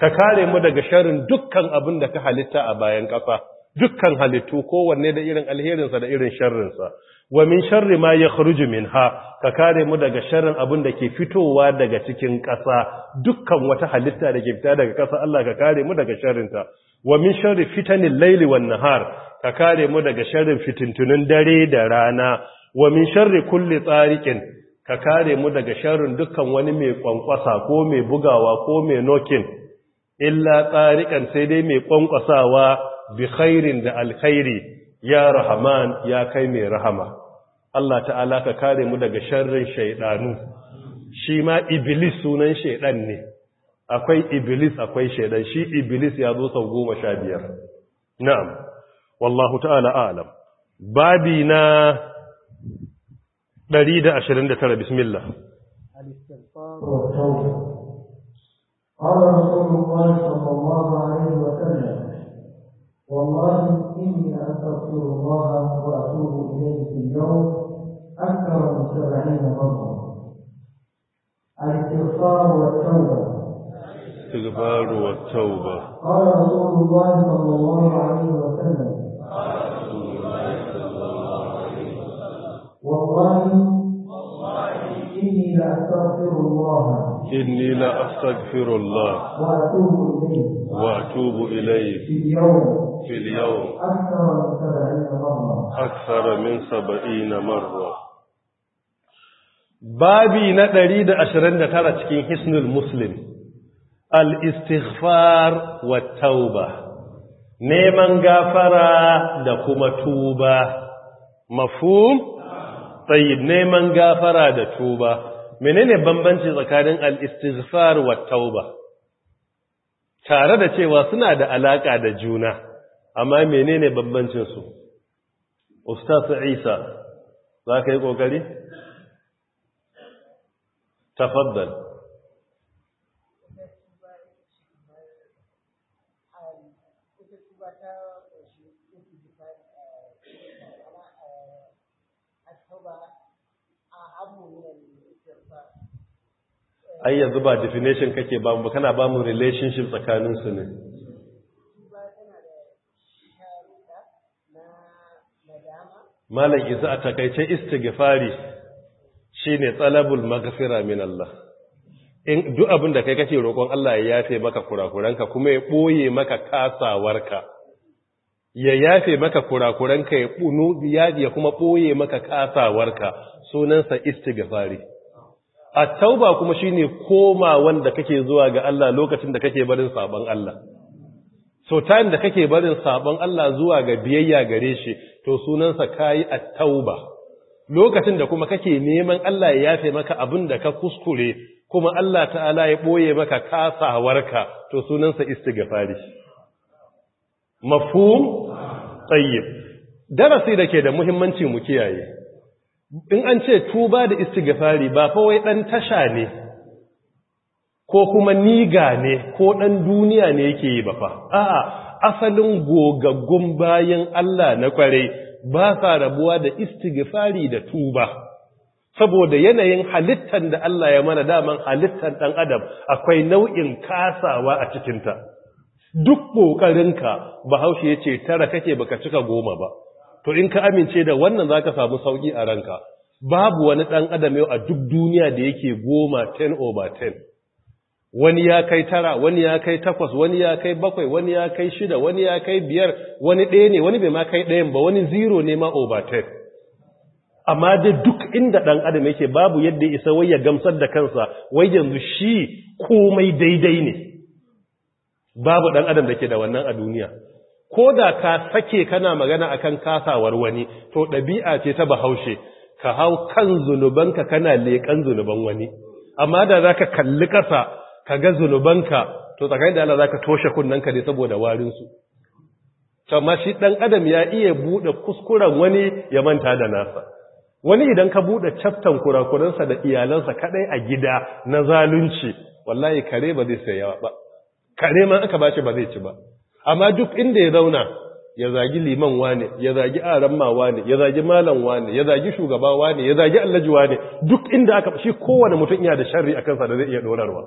ka kare mu daga sharrin dukkan abinda ka halitta a bayan kafa dukkan halittu kowanne da irin alherinsa da irin sharrinsa wa min sharri ma yakhruju minha ka kare mu daga sharrin abinda ke fitowa daga cikin ƙasa dukkan wata halitta da ke fita daga ƙasa Allah ka kare mu daga sharrinta wa min sharri fitanil laili wan nahar ka kare mu daga sharrin fitintunun dare da rana wa min sharri kulli tsarikin ka kare mu daga sharrin dukkan wani mai kwankwasa ko mai bugawa ko mai nokin illa tsarikan sai dai mai kwankwasawa bi khairin da alkhairi ya rahaman ya kai mai rahama Allah ta'ala ka kare mu daga sharrin shaidanu shi ma iblis sunan shaidan ne akwai iblis akwai shaidan shi iblis ya zo sau goma sha biyar na'am wallahu ta'ala alam babi na بسم الله الاستغفار والتوبة قال رسول الله صلى الله عليه وسلم والله إني أستغفر الله وأتوب إليه في اليوم أكثر من سبعين مرة الاستغفار والتوبة الاستغفار والتوبة قال رسول الله صلى الله عليه وسلم والله إني لأستغفر الله إني لأستغفر الله وأتوب إليه وأتوب إليه في اليوم في اليوم أكثر من سبعين مرة babi na 129 cikin hisnul muslim المسلم الاستغفار wa tauba neman gafara da kuma tuba Tsayi neman gafara da tuba menene bambanci tsakanin al-istighfar wa tauba tare da cewa suna da alaka da juna amma menene bambancin su ustaz Isa za ka yi kokari tafaddal ai yanzu ba definition kake ba mu kana ba mu relationship tsakanin su ne malam za a takaice istighfari shine talabul maghfira min Allah in duk abin da kai kake roƙon Allah ya yafe maka kurakuranka kuma ya boye maka kasawarka ya yafe maka kurakuranka ya bunu ya kuma boye maka kasawarka sunansa istighfari at-tauba kuma shine koma wanda kake zuwa ga Allah lokacin da kake barin sabon Allah so time da kake barin sabon Allah zuwa ga biyayya gare shi to sunansa kai at-tauba lokacin da kuma kake neman Allah ya yafe maka abin da ka kuskure kuma Allah ta'ala ya boye maka kasawarka to sunansa istighfari mafhum tayyib darasi da ke da muhimmanci mu kiyaye in an ce tuba da istighfari ba fa wai dan tasha ne ko kuma niga ne ko dan duniya ne yake yi ba fa a'a asalin gogaggun bayan Allah na kware ba sa rabuwa da istighfari da tuba saboda yanayin halittan da Allah ya mana daman halittar dan adam akwai nau'in kasawa a cikin ta duk ka bahaushe yace tara kake baka cika goma ba to in ka amince da wannan za ka samu sauƙi a ranka babu wani ɗan adam yau a duk duniya da yake goma 10 over 10 wani ya kai tara wani ya kai takwas wani ya kai bakwai wani ya kai shida wani ya kai biyar wani ɗaya ne wani bai ma kai ɗayan ba wani zero ne ma over 10 amma dai duk inda ɗan adam yake babu yadda isa wai ya gamsar da kansa wai yanzu shi komai daidai ne babu ɗan adam da ke da wannan a duniya ko da ka sake kana magana akan kasawar wani to ɗabi'a ce ta bahaushe ka hau kan zunubanka kana leƙan zunuban wani amma da za ka kalli ƙasa ka ga zunubanka to tsakanin da Allah za ka toshe kunnanka ne saboda warinsu amma shi ɗan adam ya iya buɗe kuskuren wani ya manta da nasa wani idan ka buɗe caftan kurakuransa da iyalansa kaɗai a gida na zalunci wallahi kare ba zai sayawa ba kare ma aka bashi ba zai ci ba amma duk inda ya zauna ya zagi liman wane ya zagi aramma wane ya zagi malam wane ya zagi shugaba wane ya zagi allaji wane duk inda aka shi kowane mutum ya da sharri a kansa da zai iya dorarwa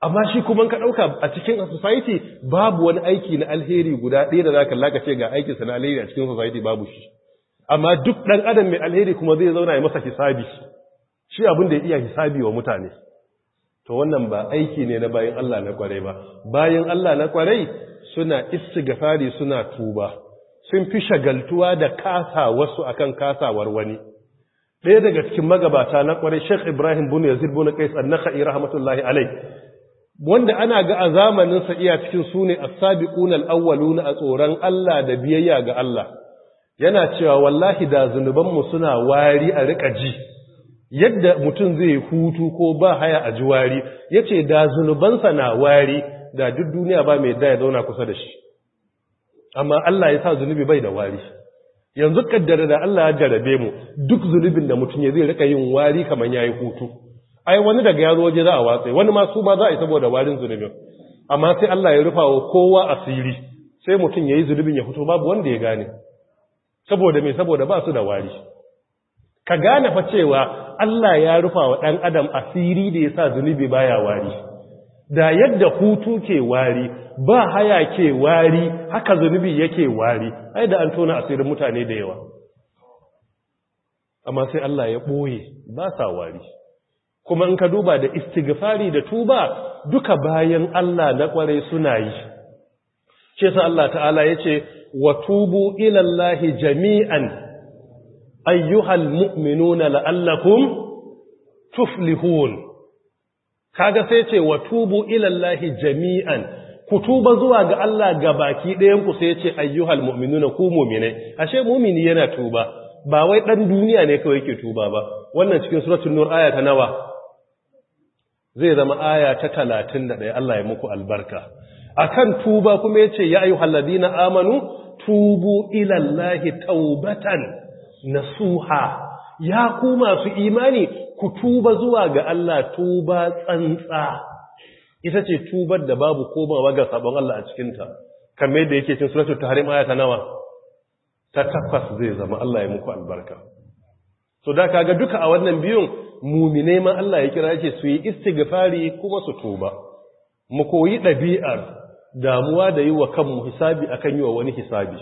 amma shi kuma ka dauka a cikin society babu wani aiki na alheri guda ɗaya da zaka lakace ga aikin sa na alheri a cikin society babu shi amma duk dan adam mai alheri kuma zai zauna ya masa hisabi shi abin da ya iya hisabi wa mutane to wannan ba aiki ne na bayan Allah na kwarai ba bayan Allah na kwarai suna istighfari suna tuba sun fi shagaltuwa da kasa wasu akan kasawar wani ɗaya daga cikin magabata na kwarai Sheikh Ibrahim bin Yazid bin Qais an-Nakhai rahmatullahi alayh wanda ana ga a zamanin sa iya cikin sune as-sabiquna al-awwaluna a tsoron Allah da biyayya ga Allah yana cewa wallahi da zunubanmu suna wari a rika ji yadda mutum zai hutu ko ba haya a ji wari ya ce da zunubansa na wari da duk duniya ba mai da ya zauna kusa da shi amma Allah ya sa zunubi bai da wari yanzu kaddara da Allah ya jarabe mu duk zunubin da mutum ya zai rika yin wari kamar yayi hutu ai wani daga yazo waje za a watsa wani ma su ma za a yi saboda warin zunubin amma sai Allah ya rufa wa kowa asiri sai mutum yayi zunubin ya fito babu wanda ya gane saboda me saboda ba su da wari ka gane fa cewa Allah ya rufa wa ɗan adam asiri da ya sa zunubi baya wari da yadda hutu ke wari ba haya ke wari haka zunubi yake wari ai da an tona asirin mutane da yawa amma sai Allah ya ɓoye ba sa wari kuma in ka duba da istighfari da tuba duka bayan Allah na ƙware suna yi ce sa Allah ta'ala ya ce wa tubu ilallahi jami'an ayyuhal mu'minuna la'allakum tuflihun kaga sai ce wa tubu ilallahi jami'an ku tuba zuwa ga Allah ga baki ɗayan ku sai ce ayyuhal mu'minuna ku mu'minai ashe mu'mini yana tuba ba wai dan duniya ne kawai yake tuba ba wannan cikin suratul nur aya ta nawa zai zama aya ta 31 Allah ya muku albarka akan tuba kuma yace ya ayyuhal ladina amanu tubu ilallahi taubatan nasuha ya ku masu imani ku tuba zuwa ga Allah tuba tsantsa ita ce tubar da babu komawa ga sabon Allah a cikinta kamar yadda yake cin suratul tahrim aya ta nawa ta takwas zai zama Allah ya muku albarka so da kaga duka a wannan biyun mumine ma Allah ya kira yake su yi istighfari kuma su tuba mu koyi ɗabi'ar damuwa da yi wa kanmu hisabi akan yi wa wani hisabi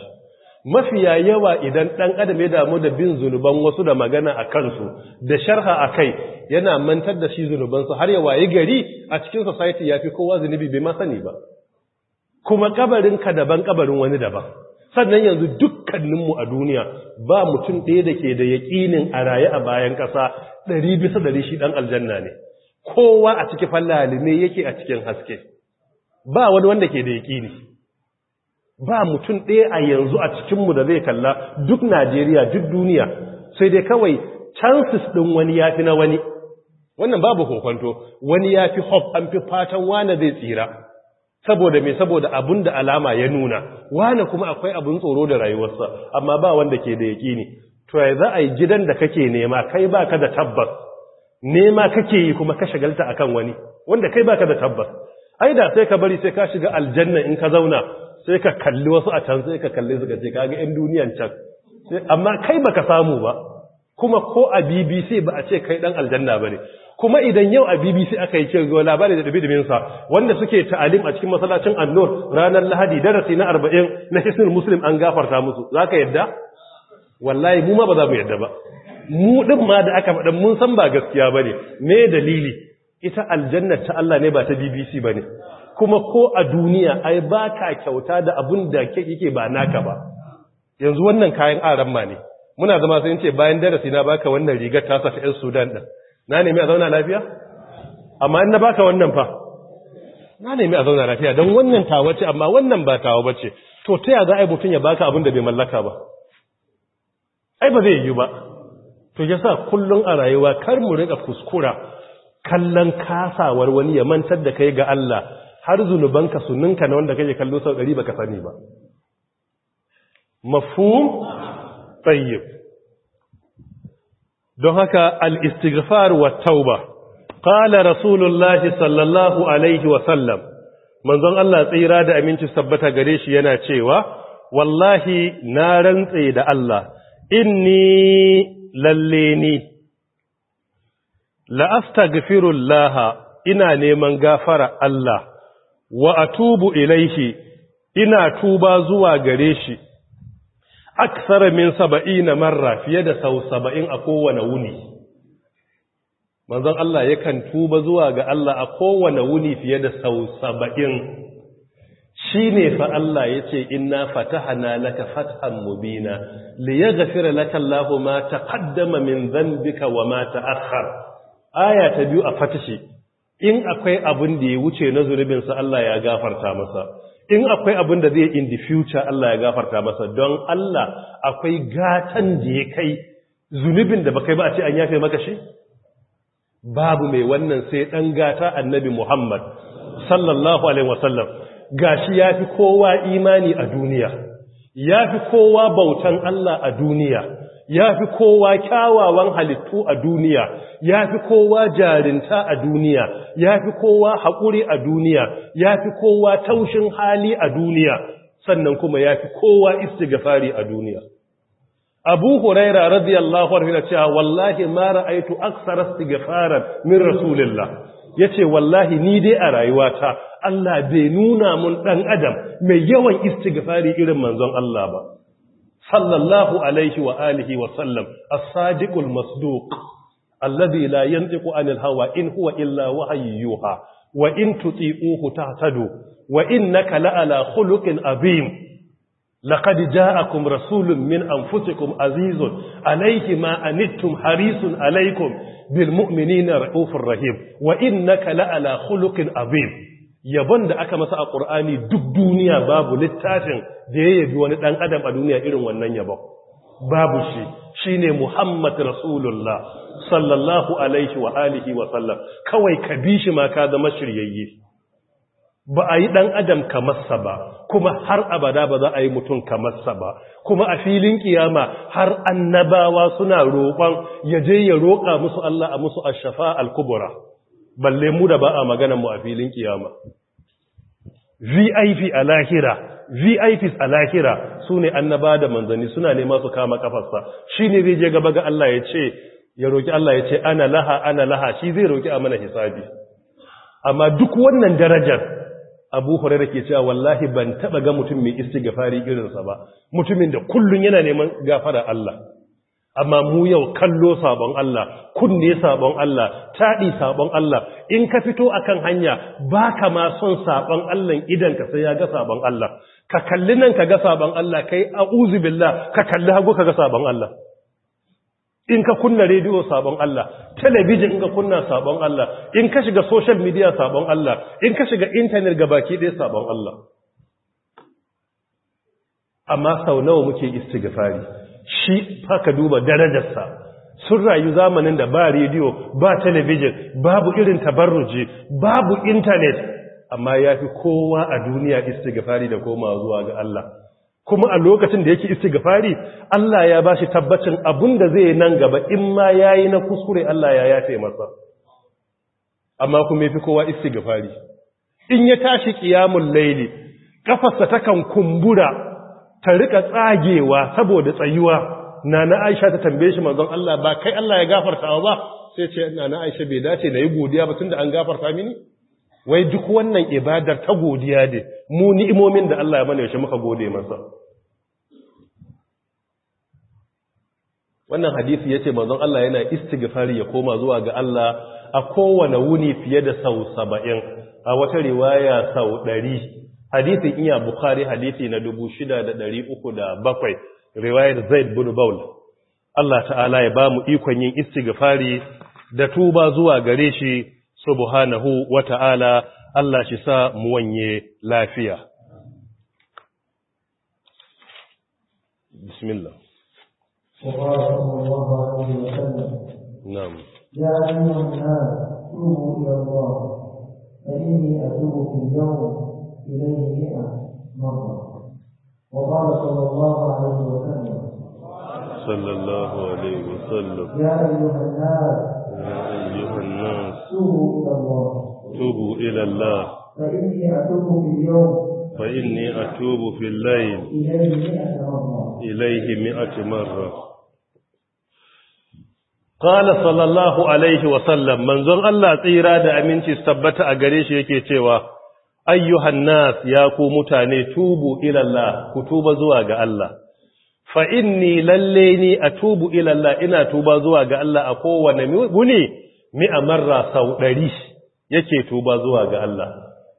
mafiya yawa idan ɗan adam ya damu da bin zunuban wasu da magana a kansu da sharha a kai yana mantar da shi zunubansu har ya wayi gari a cikin society ya fi kowa zunubi bai masani sani ba kuma kabarinka daban kabarin wani daban sannan yanzu dukkaninmu a duniya ba mutum ɗaya da ke da yaƙinin a rayu a bayan ƙasa ɗari bisa ɗari shi ɗan aljanna ne kowa a ciki fallali ne yake a cikin haske ba wani wanda ke da yaƙini ba mutum ɗaya a yanzu a cikinmu da zai kalla duk najeriya duk duniya sai dai kawai chances ɗin wani ya fi na wani wannan babu kokonto wani ya fi hop an fi fatan wane zai tsira saboda mai saboda abun da alama ya nuna wane kuma akwai abun tsoro da rayuwarsa amma ba wanda ke da yaƙini to ya za a yi gidan da kake nema kai ba ka da tabbas nema kake yi kuma ka shagalta akan wani wanda kai ba ka da tabbas ai da sai ka bari sai ka shiga aljanna in ka zauna sai ka kalli wasu a can sai ka kalli su suka ka kaga yan duniyan can amma kai baka samu ba kuma ko a BBC ba a ce kai dan aljanna bane kuma idan yau a BBC aka yi ce zo labari da dubi sa wanda suke ta'alim a cikin masallacin Annur ranar Lahadi darasi na Arba'in na Hisnul Muslim an gafarta musu zaka yadda wallahi mu ma ba za mu yadda ba mu din ma da aka faɗa mun san ba gaskiya bane me dalili ita aljanna ta Allah ne ba ta BBC bane kuma ko a duniya ai ba ka kyauta da abin da yake ba naka ba yanzu wannan kayan aran ma ne muna zama sai ce bayan darasi na baka wannan rigar ta sa ta 'yan Sudan din na nemi a zauna lafiya amma in na baka wannan fa na nemi a zauna lafiya don wannan tawa ce amma wannan ba tawa bace to ta ya za a yi mutum ya baka abin da bai mallaka ba ai ba zai yi ba to yasa kullum a rayuwa kar mu rika kuskura kallon kasawar wani ya mantar da kai ga Allah har zunubanka su ninka na wanda kake kallo sau ɗari baka sani ba mafhum tayyib don haka al-istighfar wa tauba qala rasulullah sallallahu alaihi wa sallam manzon Allah tsira da aminci sabbata gare shi yana cewa wallahi na rantse da Allah inni lalle ni la astaghfirullah ina neman gafara Allah wa atubu ilaihi ina tuba zuwa gare shi aksara min saba'ina marra fiye da sau saba'in a kowane wuni manzon Allah ya kan tuba zuwa ga Allah a kowane wuni fiye da sau saba'in shi ne fa Allah ya ce fataha na laka fathan mubina gafira laka Allahu ma kaddama min zan wa ma akhar aya ta biyu a fatashi in akwai abin da ya wuce na zunubinsa Allah ya gafarta masa in akwai abin da zai in the future Allah ya gafarta masa don Allah akwai gatan da ya kai zunubin da bakai ba a ce an yafe maka shi babu mai wannan sai dan gata annabi Muhammad sallallahu alaihi wasallam gashi yafi kowa imani a duniya yafi kowa bautan Allah a duniya ya fi kowa kyawawan halittu a duniya ya fi kowa jarinta a duniya ya fi kowa haƙuri a duniya ya fi kowa taushin hali a duniya sannan kuma ya fi kowa fari a duniya abu huraira radiyallahu arhi na cewa wallahi ma ra'aitu aksara istighfaran min rasulillah yace wallahi ni dai a rayuwata Allah bai nuna mun ɗan adam mai yawan istighfari irin manzon Allah ba sallallahu alaihi wa alihi wa sallam as-sadiqul masduq alladhi la yantiqu anil hawa in huwa illa wahayyuha wa in tuti'uhu tahtadu wa innaka la'ala khuluqin abim laqad ja'akum rasulun min anfusikum azizun Alaihi ma anittum harisun alaykum bil mu'minina rahim wa innaka la'ala khuluqin abim yabon da aka masa a ƙur'ani duk duniya babu littafin da ya yabi wani ɗan adam a duniya irin wannan yabon babu shi shi ne muhammad rasulullah sallallahu alaihi wa alihi wa sallam kawai ka bi shi ma ka zama shiryayye ba a yi ɗan adam kamarsa ba kuma har abada ba za a yi mutum kamarsa ba kuma a filin kiyama har annabawa suna roƙon ya je ya roƙa musu Allah a musu ashafa al-kubura balle mu da ba a maganan mu a filin kiyama VIP a lahira VIPs a lahira su ne annaba da manzanni suna nema su kama kafarsa shi ne zai je gaba ga Allah ya ce ya roki Allah ya ce ana laha ana laha shi zai roki a mana hisabi amma duk wannan darajar abu hurairu ke cewa wallahi ban taba ga mutum mai istighfari irinsa ba mutumin da kullun yana neman gafara Allah amma mu yau kallo sabon Allah kunne sabon Allah tadi sabon Allah in ka fito akan hanya baka ma son sabon Allah idan ka sai ya ga sabon Allah ka kalli nan ka ga sabon Allah kai a'udhu billah ka kalli hagu ka ga sabon Allah in ka kunna rediyo sabon Allah talabijin in ka kunna sabon Allah in ka shiga social media sabon Allah in ka shiga internet gabaki ɗaya sabon Allah amma sau nawa muke istighfari shi ka duba darajarsa sun rayu zamanin da ba rediyo ba talabijin babu irin tabarruji babu intanet amma ya fi kowa a duniya istighfari da koma zuwa ga Allah kuma a lokacin da yake istighfari Allah ya bashi tabbacin abun da zai nan gaba in ma yayi na kuskure Allah ya yafe masa amma kuma yafi kowa istighfari in ya tashi ƙiyamun laili kafarsa takan kumbura ka rika tsagewa saboda tsayuwa nana Aisha ta tambaye shi manzon Allah ba kai Allah ya gafarta ba sai ce nana Aisha bai dace na yi godiya ba tunda an gafarta mini wai duk wannan ibadar ta godiya ne mu ni'imomin da Allah ya mana yaushe muka gode masa wannan hadisi yace manzon Allah yana istighfari ya koma zuwa ga Allah a kowane wuni fiye da sau saba'in, a wata riwaya sau ɗari. hadithin iya bukari hadithi na 6307 riwayar zaid bin baul Allah ta'ala ya ba mu ikon yin istighfari da tuba zuwa gare shi subhanahu wa ta'ala Allah shi sa mu wanye lafiya bismillah نعم يا أيها الناس توبوا إلى الله فإني أتوب في اليوم إليه مرة وقال صلى الله عليه وسلم صلى الله عليه وسلم يا أيها الناس يا أيها الناس توبوا إلى الله توبوا إلى الله فإني أتوب في اليوم فإني أتوب في الليل إليه مئة مرة قال صلى الله عليه وسلم منزل الله tsira da aminci tabbata a gare shi yake cewa ayyuhan nas ya ku mutane tubu ilallah ku tuba zuwa ga Allah fa inni lalle ni atubu ilallah ina tuba zuwa ga Allah a kowane guni mi'a amarra sau 100 yake tuba zuwa ga Allah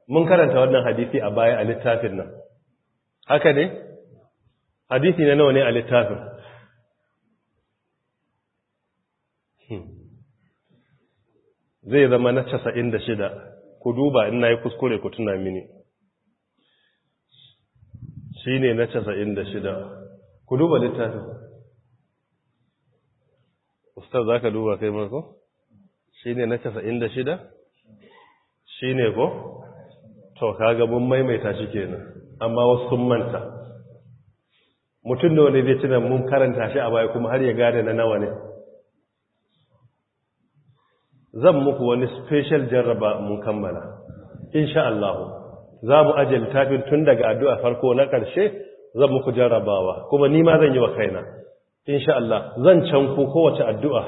mun karanta wannan hadisi a baya a littafin nan haka ne hadisi ne nawa ne a littafin hmm. zai zama na 96 ku duba ina yi kuskure ku tuna mini shi ne na da shida, ku duba littafin ustaz za ka duba kai mako, shi ne na da shida, shi ne ko to kaga mun maimaita shi kenan amma wasu sun manta mutum da wani zai cinan mun karanta shi a baya kuma har ya gane na nawa ne zan muku wani special jarraba mun kammala insha Allah za mu aje littafin tun daga addu'a farko na ƙarshe zan muku jarrabawa kuma ni ma zan yi wa kaina insha Allah zan can ku kowace addu'a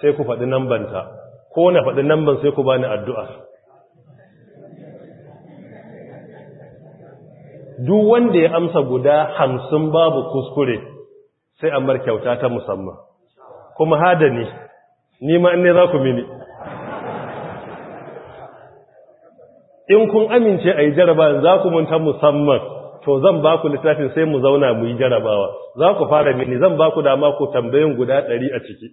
sai ku faɗi ta, ko na faɗi namban sai ku bani addu'a duk wanda ya amsa guda hamsin babu kuskure sai bar kyauta ta musamman kuma hadani ni ni ma ne za ku mini in kun amince a yi jarabawa za ku munta musamman to zan ba ku littafin sai mu zauna mu yi jarabawa za ku fara mini zan ba ku dama ku tambayin guda ɗari a ciki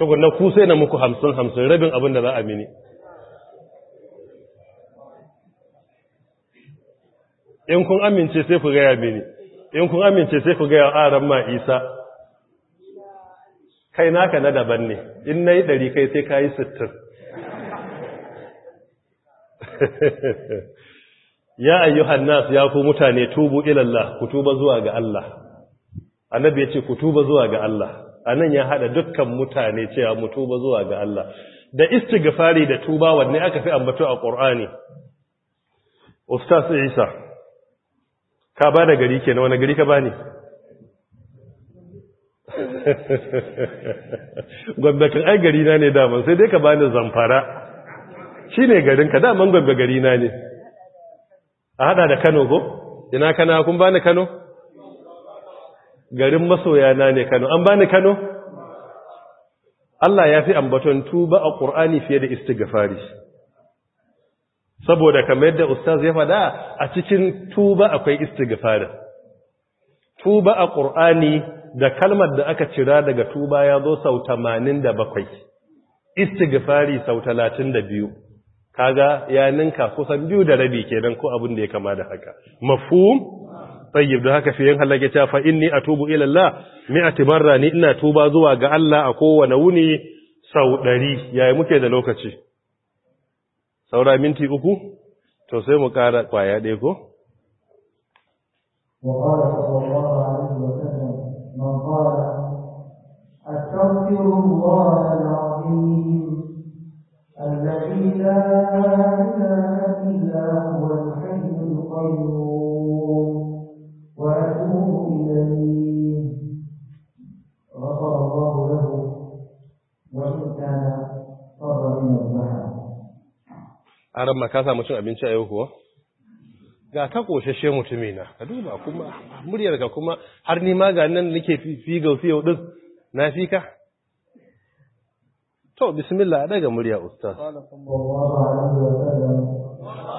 tukunan ku sai na muku hamsin hamsin rabin abin da za a mini in kun amince sai ku gaya mini in kun amince sai ku gaya aran ma isa kai naka na daban ne in na yi ɗari kai sai ka yi sittin *laughs* ya ayyuhan nas ya ku mutane tubu ilallah ku tuba zuwa ga Allah annabi ce ku tuba zuwa ga Allah anan ya hada dukkan mutane cewa mu tuba zuwa ga Allah da istighfari da tuba wanne aka fi ambato a Qur'ani Ustaz Isa ka ba da gari kenan wani gari ka bani *laughs* gwamnatin ai gari na ne daman sai dai ka bani zamfara shi ne garinka daman gwabba gari na ne a hada da kano ko ina kana kun bani kano garin masoya na ne kano an bani kano Allah ya fi ambaton tuba a ƙur'ani fiye da istighfari saboda kamar yadda ustaz ya faɗa a cikin tuba akwai istighfari tuba a ƙur'ani da kalmar da aka cira daga tuba ya zo sau 87 istighfari sau talatin da biyu. kaga ya ninka kusan biyu da rabi kenan ko abin da ya kama da haka mafhum tayyib da haka fiye halage ta fa inni atubu ila Allah mi'ati timarra ni ina tuba zuwa ga Allah a kowane wuni sau 100 yayi muke da lokaci saura minti uku to sai mu kara kwaya ɗaya ko الذي لا إله إلا an ramma ka samu cin abinci a yau kuwa ga ka koshashe mutumina ka duba kuma muryar ka kuma har nima ga nan nake fi yau ɗin, na fi ka تو بسم الله دغه يا استاذ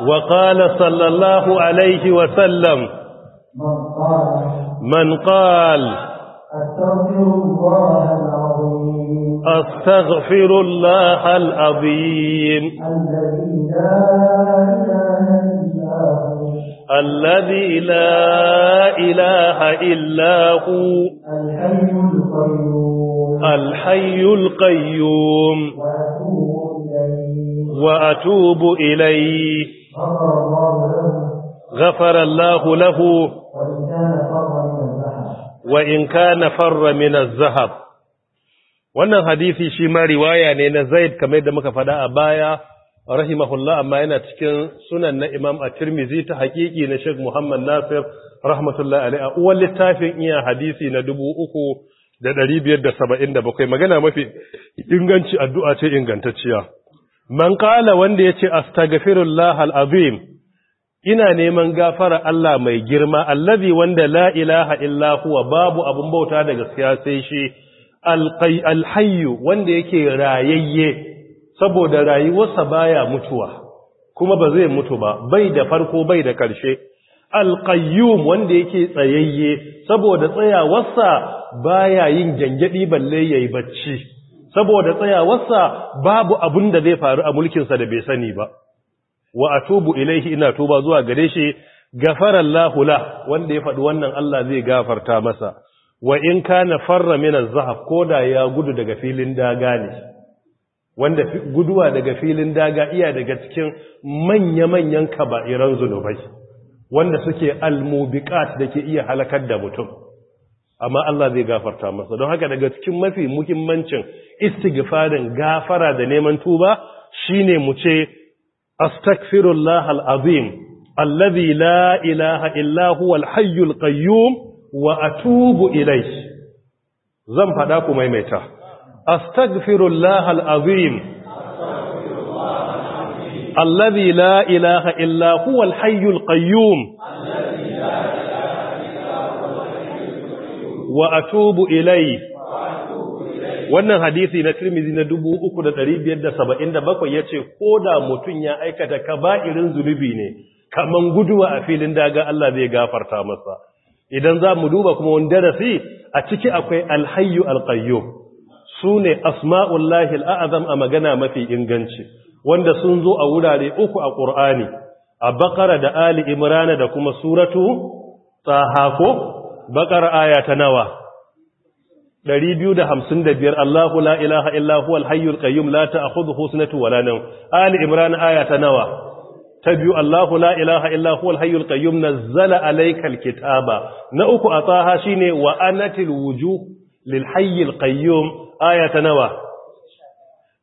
وقال صلى الله عليه وسلم من قال استغفر الله العظيم الذي لا اله الا هو الحي القيوم الحي القيوم وأتوب إليه غفر الله له وإن كان فر من الذهب wannan hadisi shi ma riwaya ne na Zaid kamar da muka faɗa a baya rahimahullah amma yana cikin sunan na Imam a tirmidhi ta hakiki na Sheikh Muhammad Nasir rahmatullahi alaihi a uwan littafin iya hadisi na dubu uku da ɗari biyar da saba'in da bakwai magana mafi inganci addu'a ce ingantacciya man kala wanda ya ce astaghfirullah al'azim ina neman gafara Allah mai girma allazi wanda la ilaha illa huwa babu abun bauta daga gaskiya sai shi alhayu, wanda yake rayayye saboda rayuwarsa baya mutuwa kuma ba zai mutu ba bai da farko bai da ƙarshe alƙayyum wanda yake tsayayye saboda tsayawarsa baya yin gyangyaɗi balle yayi bacci saboda tsayawarsa babu abun da zai faru a mulkinsa da bai sani ba wa tubu ilaihi ina tuba zuwa gare shi gafarar lahula, wanda ya faɗi wannan Allah zai gafarta masa wa in ka na farra min zahaf ko da ya gudu daga filin daga ne wanda guduwa daga filin daga iya daga cikin manya-manyan kaba'iran zunubai wanda suke almubiqat da ke iya halakar da mutum amma Allah zai gafarta masa don haka daga cikin mafi muhimmancin istighfarin gafara da neman tuba shine mu ce astaghfirullah alazim alladhi la ilaha illa huwa alhayyul qayyum wa atubu ilayhi zan fada ku maimaita astaghfirullah alazim الذي لا ilaha إلا هو الحي القيوم وأتوب إليه wannan hadisi na Tirmidhi na 3577 yace da mutun ya aikata kaba'irin zunubi ne kaman guduwa a filin daga Allah zai gafarta masa idan za mu duba kuma wani darasi a ciki akwai alhayyu alqayyum sune asma'ullahi al'azam a magana mafi inganci wanda sun zo a wurare uku a ƙur'ani a bakara da ali imrana da kuma suratu tsahako bakar aya ta nawa 255 Allahu la ilaha illa huwal hayyul qayyum la ta'khudhuhu sinatu wala nawm ali imran aya ta nawa ta biyu Allahu la ilaha illa huwal hayyul qayyum nazzala alaykal kitaba na uku ataha shine wa anatil wujuh lil hayyil qayyum aya ta nawa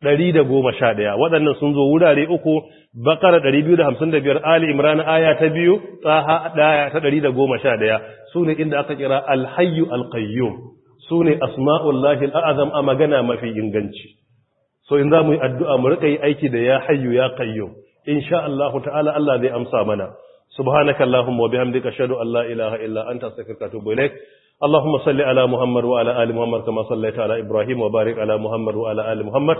111 waɗannan sun zo wurare uku bakara 255 ali imran aya ta biyu tsaha daya ta 111 ne inda aka kira alhayyu alqayyum sune asma'ullahi alazam a magana mafi inganci so in za mu yi addu'a mu rika yi aiki da ya hayyu ya qayyum insha Allah ta'ala Allah zai amsa mana subhanakallahumma wa bihamdika ashhadu an la ilaha illa anta astaghfiruka wa atubu ilaik اللهم صل على محمد وعلى آل محمد كما صليت على إبراهيم وبارك على محمد وعلى آل محمد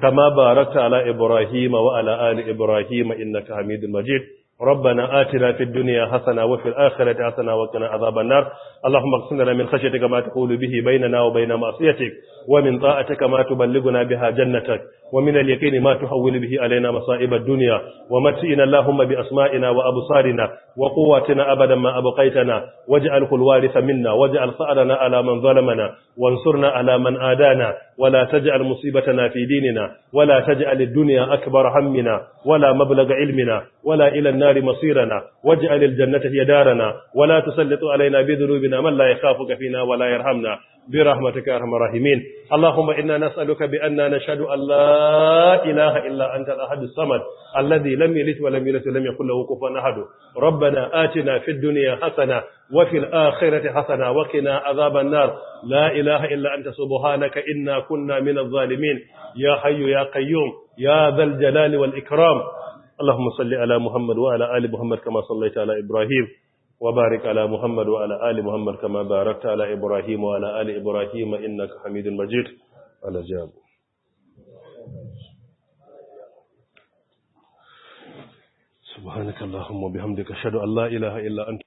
كما باركت على إبراهيم وعلى آل إبراهيم إنك حميد مجيد ربنا آتنا في الدنيا حسنة وفي الآخرة حسنة وقنا عذاب النار اللهم اغفر لنا من خشيتك ما تقول به بيننا وبين معصيتك ومن طاعتك ما تبلغنا بها جنتك ومن اليقين ما تحول به علينا مصائب الدنيا ومتئنا اللهم بأسمائنا وأبصارنا وقواتنا أبدا ما أبقيتنا واجعل الوارث منا واجعل ثأرنا على من ظلمنا وانصرنا على من آدانا ولا تجعل مصيبتنا في ديننا ولا تجعل الدنيا أكبر همنا ولا مبلغ علمنا ولا إلى النار مصيرنا واجعل الجنة هي دارنا ولا تسلط علينا بذنوبنا من لا يخافك فينا ولا يرحمنا برحمتك يا ارحم الراحمين اللهم انا نسالك باننا نشهد ان لا اله الا انت الاحد الصمد الذي لم يلد ولم يولد ولم يكن له كفوا احد ربنا آتنا في الدنيا حسنه وفي الاخره حسنه وقنا عذاب النار لا اله الا انت سبحانك انا كنا من الظالمين يا حي يا قيوم يا ذا الجلال والاكرام اللهم صل على محمد وعلى ال محمد كما صليت على ابراهيم وبارك على محمد وعلى آل محمد كما باركت على إبراهيم وعلى آل إبراهيم إنك حميد مجيد على جاب سبحانك اللهم وبحمدك أشهد أن لا إله إلا أنت